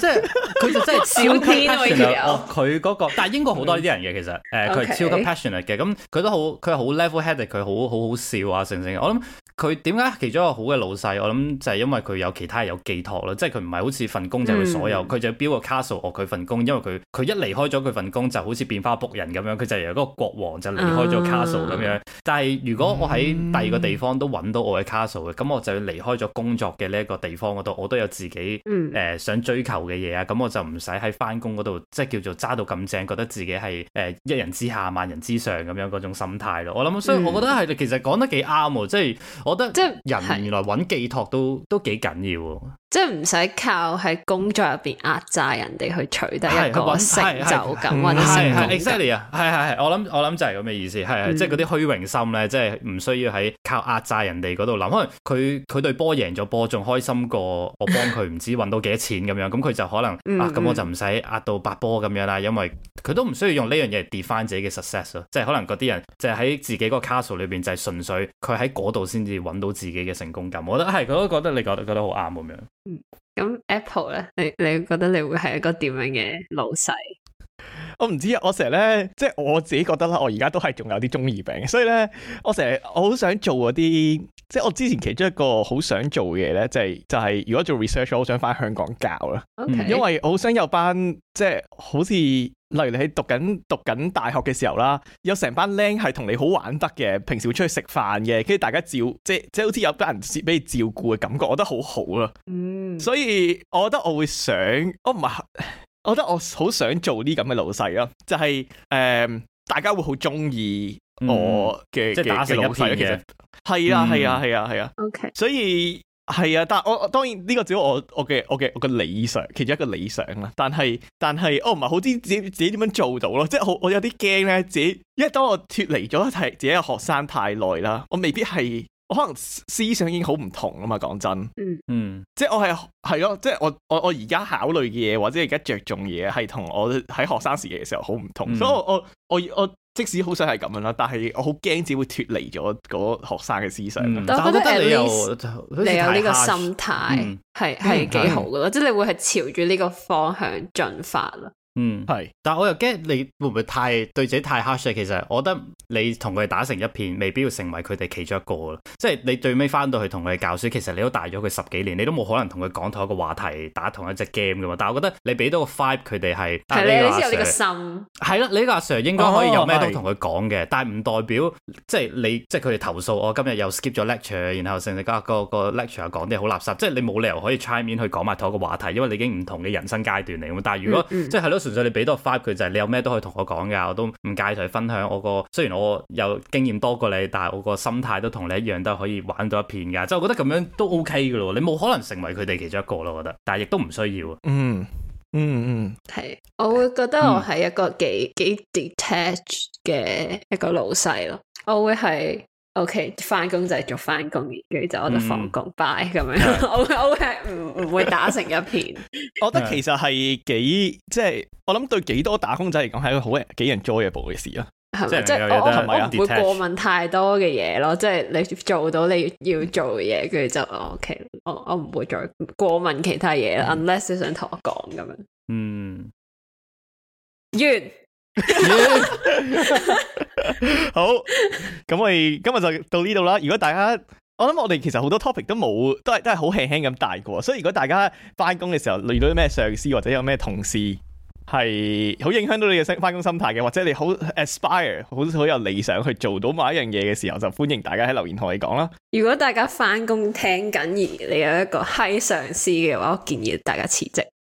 即係佢就真係小天佢嗰個，但係英國好多呢啲人嘅其實，誒佢係超級 passionate 嘅，咁佢都好，佢好 level headed，佢好好好笑啊！成成我諗佢點解其中一個好嘅老細，我諗就係因為佢有其他有寄託咯，即係佢唔係好似份工就係所有，佢就標個 castle 哦，佢份工，因為佢佢一離開咗佢份工，就好似變花僕人咁樣，佢就由嗰個王就離開咗 Castle 咁樣，啊、但係如果我喺第二個地方都揾到我嘅 Castle 嘅，咁、嗯、我就要離開咗工作嘅呢一個地方嗰度，我都有自己誒、嗯呃、想追求嘅嘢啊，咁我就唔使喺返工嗰度，即係叫做揸到咁正，覺得自己係誒、呃、一人之下萬人之上咁樣嗰種心態咯。我諗，嗯、所以我覺得係，其實講得幾啱喎，即係我覺得即係人原來揾寄託都都幾緊要。即係唔使靠喺工作入邊壓榨人哋去取得一個成就感啊，係係係，我諗我諗就係咁嘅意思，係即係嗰啲虛榮心咧，即係唔需要喺靠壓榨人哋嗰度諗，可能佢佢對波贏咗波仲開心過我幫佢唔知搵到幾錢咁樣，咁佢 [LAUGHS] 就可能啊，咁我就唔使壓到八波咁樣啦，因為佢都唔需要用呢樣嘢嚟 define 自己嘅 success 咯，即係可能嗰啲人即就喺自己個 castle 裏邊就係純粹佢喺嗰度先至搵到自己嘅成功感，我覺得係，佢都覺得你覺得覺得好啱咁樣。嗯，咁 Apple 咧，你你覺得你會係一個點樣嘅老細？我唔知啊，我成日咧，即係我自己覺得啦，我而家都係仲有啲中二病，所以咧，我成日我好想做嗰啲，即係我之前其中一個好想做嘅嘢咧，就係就係如果做 research，我好想翻香港教啦，Okay. 因為我好想有班即係好似例如你喺讀緊讀緊大學嘅時候啦，有成班靚係同你好玩得嘅，平時會出去食飯嘅，跟住大家照即即係好似有班人俾你照顧嘅感覺，我覺得好好啦，嗯，所以我覺得我會想，我唔係。 [LAUGHS] 我覺得我好想做啲咁嘅老細咯，就係、是、誒、呃，大家會好中意我嘅、嗯、的即係打手老細咯，其實係啊，係啊，係、嗯、啊，係啊，啊，啊，OK，所以係啊，但係我當然呢個只我我嘅我嘅我嘅理想，其中一個理想啦，但係但係我唔係好知自己點樣做到咯，即係我我有啲驚咧，自己，自己因為當我脫離咗係自己嘅學生太耐啦，我未必係。我可能思想已經好唔同吖嘛，講真，嗯嗯，即係我係係咯，即係我我我而家考慮嘅嘢或者而家着重嘢係同我喺學生時期嘅時候好唔同，嗯、所以我我我，我即使好想係咁樣啦，但係我好驚只會脫離咗嗰學生嘅思想。嗯、但係我覺得你有你有呢個心態，係係幾好噶咯，嗯嗯、即係你會係朝住呢個方向進發啦。嗯，係是，但係我又驚你會唔會太對自己太 harsh 啊？其實我覺得你同佢哋打成一片，未必要成為佢哋其中一個，即係你最尾翻到去同佢哋教書，其實你都大咗佢十幾年，你都冇可能同佢講同一個話題，打同一隻 game 噶嘛。但係我覺得你俾多個 five，佢哋係係你呢？時候你個心係啦，你個阿 Sir 應該可以有咩都同佢講嘅，哦、但係唔代表，的代表即係你即係佢哋投訴我今日又 skip 咗 lecture，然後成日教個，那個那個那個 lecture 又講啲好垃圾，即係你冇理由可以 try 面去講埋同一個話題，因為你已經唔同嘅人生階段嚟噶嘛。但係如果嗯嗯即係咯。純粹你俾多個 five 佢就係你有咩都可以同我講噶，我都唔介意同你分享我。我個，雖然我有經驗多過你，但係我個心態都同你一樣，都可以玩到一片噶。即係我覺得咁樣都 OK 噶咯。你冇可能成為佢哋其中一個咯，我覺得。但係亦都唔需要。嗯嗯嗯，係、嗯嗯、我會覺得我係一個幾幾、嗯、detached 嘅一個老細咯。我會係。O K，翻工就係做翻工，跟住就我就放工拜。y e 咁樣。O O K，唔唔會打成一片。 [LAUGHS] 我覺得其實係幾即係、就是，我諗對幾多打工仔嚟講係一個好幾 enjoyable 嘅事咯。係即係我我唔會過問太多嘅嘢咯。即係 [LAUGHS] 你做到你要做嘅嘢，跟住就 O、okay、K。我我唔會再過問其他嘢、嗯，unless 你想同我講咁樣。嗯，完。 [LAUGHS] [LAUGHS] [LAUGHS] 好，咁我哋今日就到呢度啦。如果大家，我諗我哋其實好多 topic 都冇，都係都係好輕輕咁帶過。所以如果大家返工嘅時候遇到啲咩上司或者有咩同事係好影響到你嘅返工心態嘅，或者你好 aspire 好好有理想去做到某一樣嘢嘅時候，就歡迎大家喺留言同我講啦。如果大家返工聽緊而你有一個嗨上司嘅話，我建議大家辭職。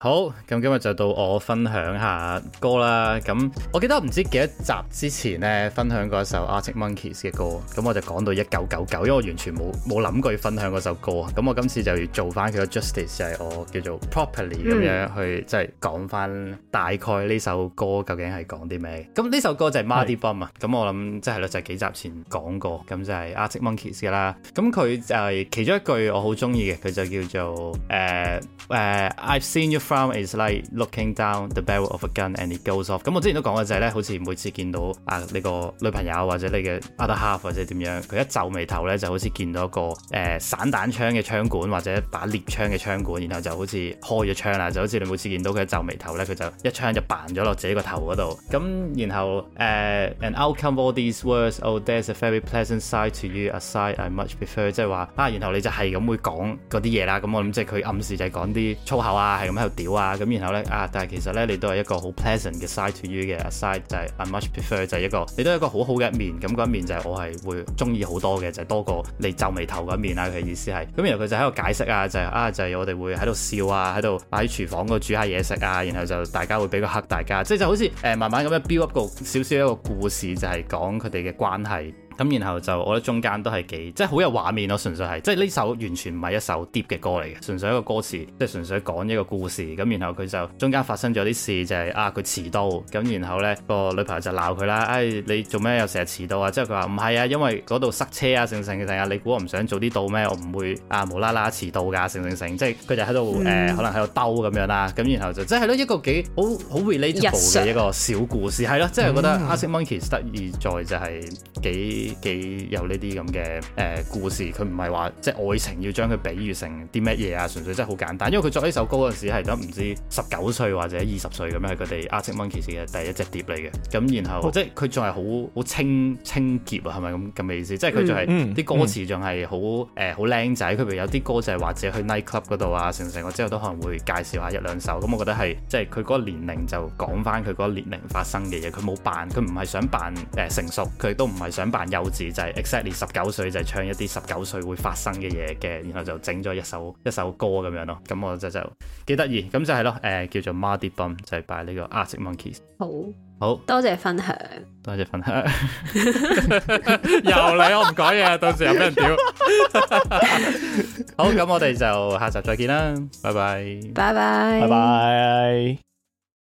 好，咁今日就到我分享下歌啦。咁我記得唔知幾多集之前呢，分享過一首 Arctic Monkeys 嘅歌。咁我就講到一九九九，因為我完全冇冇諗過要分享嗰首歌啊。咁我今次就要做翻佢個 Justice，就係、是、我叫做 properly 咁樣、嗯、去，即係講翻大概呢首歌究竟係講啲咩。咁呢首歌就係、是、Mardy Bum 啊。咁是我諗即係咧就係、就是、幾集前講過。咁就係 Arctic Monkeys 啦。咁佢就係、是、其中一句我好中意嘅，佢就叫做誒誒、呃呃、，I've seen you。From is like looking down the barrel of a gun and it goes off。咁我之前都講嘅就係咧，好似每次見到啊呢個女朋友或者你嘅 other half 或者點樣，佢一皺眉頭咧就好似見到一個誒、呃、散彈槍嘅槍管或者把獵槍嘅槍管，然後就好似開咗槍啦，就好似你每次見到佢一皺眉頭咧，佢就一槍就扮咗落自己個頭嗰度。咁然後誒、啊、，an outcome all these words, oh, there's a very pleasant s i g h to t you aside I much prefer，即係話啊，然後你就係咁會講嗰啲嘢啦。咁我諗即係佢暗示就係講啲粗口啊，係咁喺度。啊，咁然後呢，啊，但係其實呢，你都係一個好 pleasant 嘅 side to you 嘅 side 就係 I much prefer 就係一個，你都係一個好好嘅一面，咁嗰一面就係我係會中意好多嘅，就多過你皺眉頭嗰一面啊。佢意思係，咁然後佢就喺度解釋啊，就係啊，就係我哋會喺度笑啊，喺度喺廚房度煮下嘢食啊，然後就大家會畀個黑大家，即係就好似誒、呃、慢慢咁樣 build up 個少少一個故事，就係講佢哋嘅關係。咁然後就我覺得中間都係幾即係好有畫面咯，純粹係即係呢首完全唔係一首 deep 嘅歌嚟嘅，純粹一個歌詞，即係純粹講一個故事。咁然後佢就中間發生咗啲事，就係啊佢遲到，咁然後呢個女朋友就鬧佢啦。唉，你做咩又成日遲到啊？即係佢話唔係啊，因為嗰度塞車啊，成成成啊！你估我唔想早啲到咩？我唔會啊無啦啦遲到㗎，成成成！即係佢就喺度誒，可能喺度兜咁樣啦。咁然後就即係咯一個幾好好 relatable 嘅一個小故事，係咯，即係覺得 Arctic Monkeys 得意在就係幾，幾有呢啲咁嘅誒故事，佢唔係話即係愛情要將佢比喻成啲乜嘢啊，純粹真係好簡單，因為佢作呢首歌嗰陣時係都唔知十九歲或者二十歲咁樣，係佢哋 Arctic Monkeys 嘅第一隻碟嚟嘅。咁然後、哦、即係佢仲係好好清清潔啊，係咪咁咁嘅意思？即係佢仲係啲歌詞仲係好誒好靚仔。佢、呃、譬如有啲歌就係或者去 night club 嗰度啊，成成個之後都可能會介紹一下一兩首。咁我覺得係即係佢嗰個年齡就講翻佢嗰個年齡發生嘅嘢，佢冇扮，佢唔係想扮誒成熟，佢都唔係想扮九字就係 exactly 十九歲就係唱一啲十九歲會發生嘅嘢嘅，然後就整咗一首一首歌咁樣咯。咁我就就幾得意，咁就係咯，誒叫做 Mardy Bum 就係拜呢個 Arctic Monkeys。好，好多謝分享，多謝分享。又嚟，我唔講嘢，到時又俾人屌。好，咁我哋就下集再見啦，拜拜，拜拜，拜拜。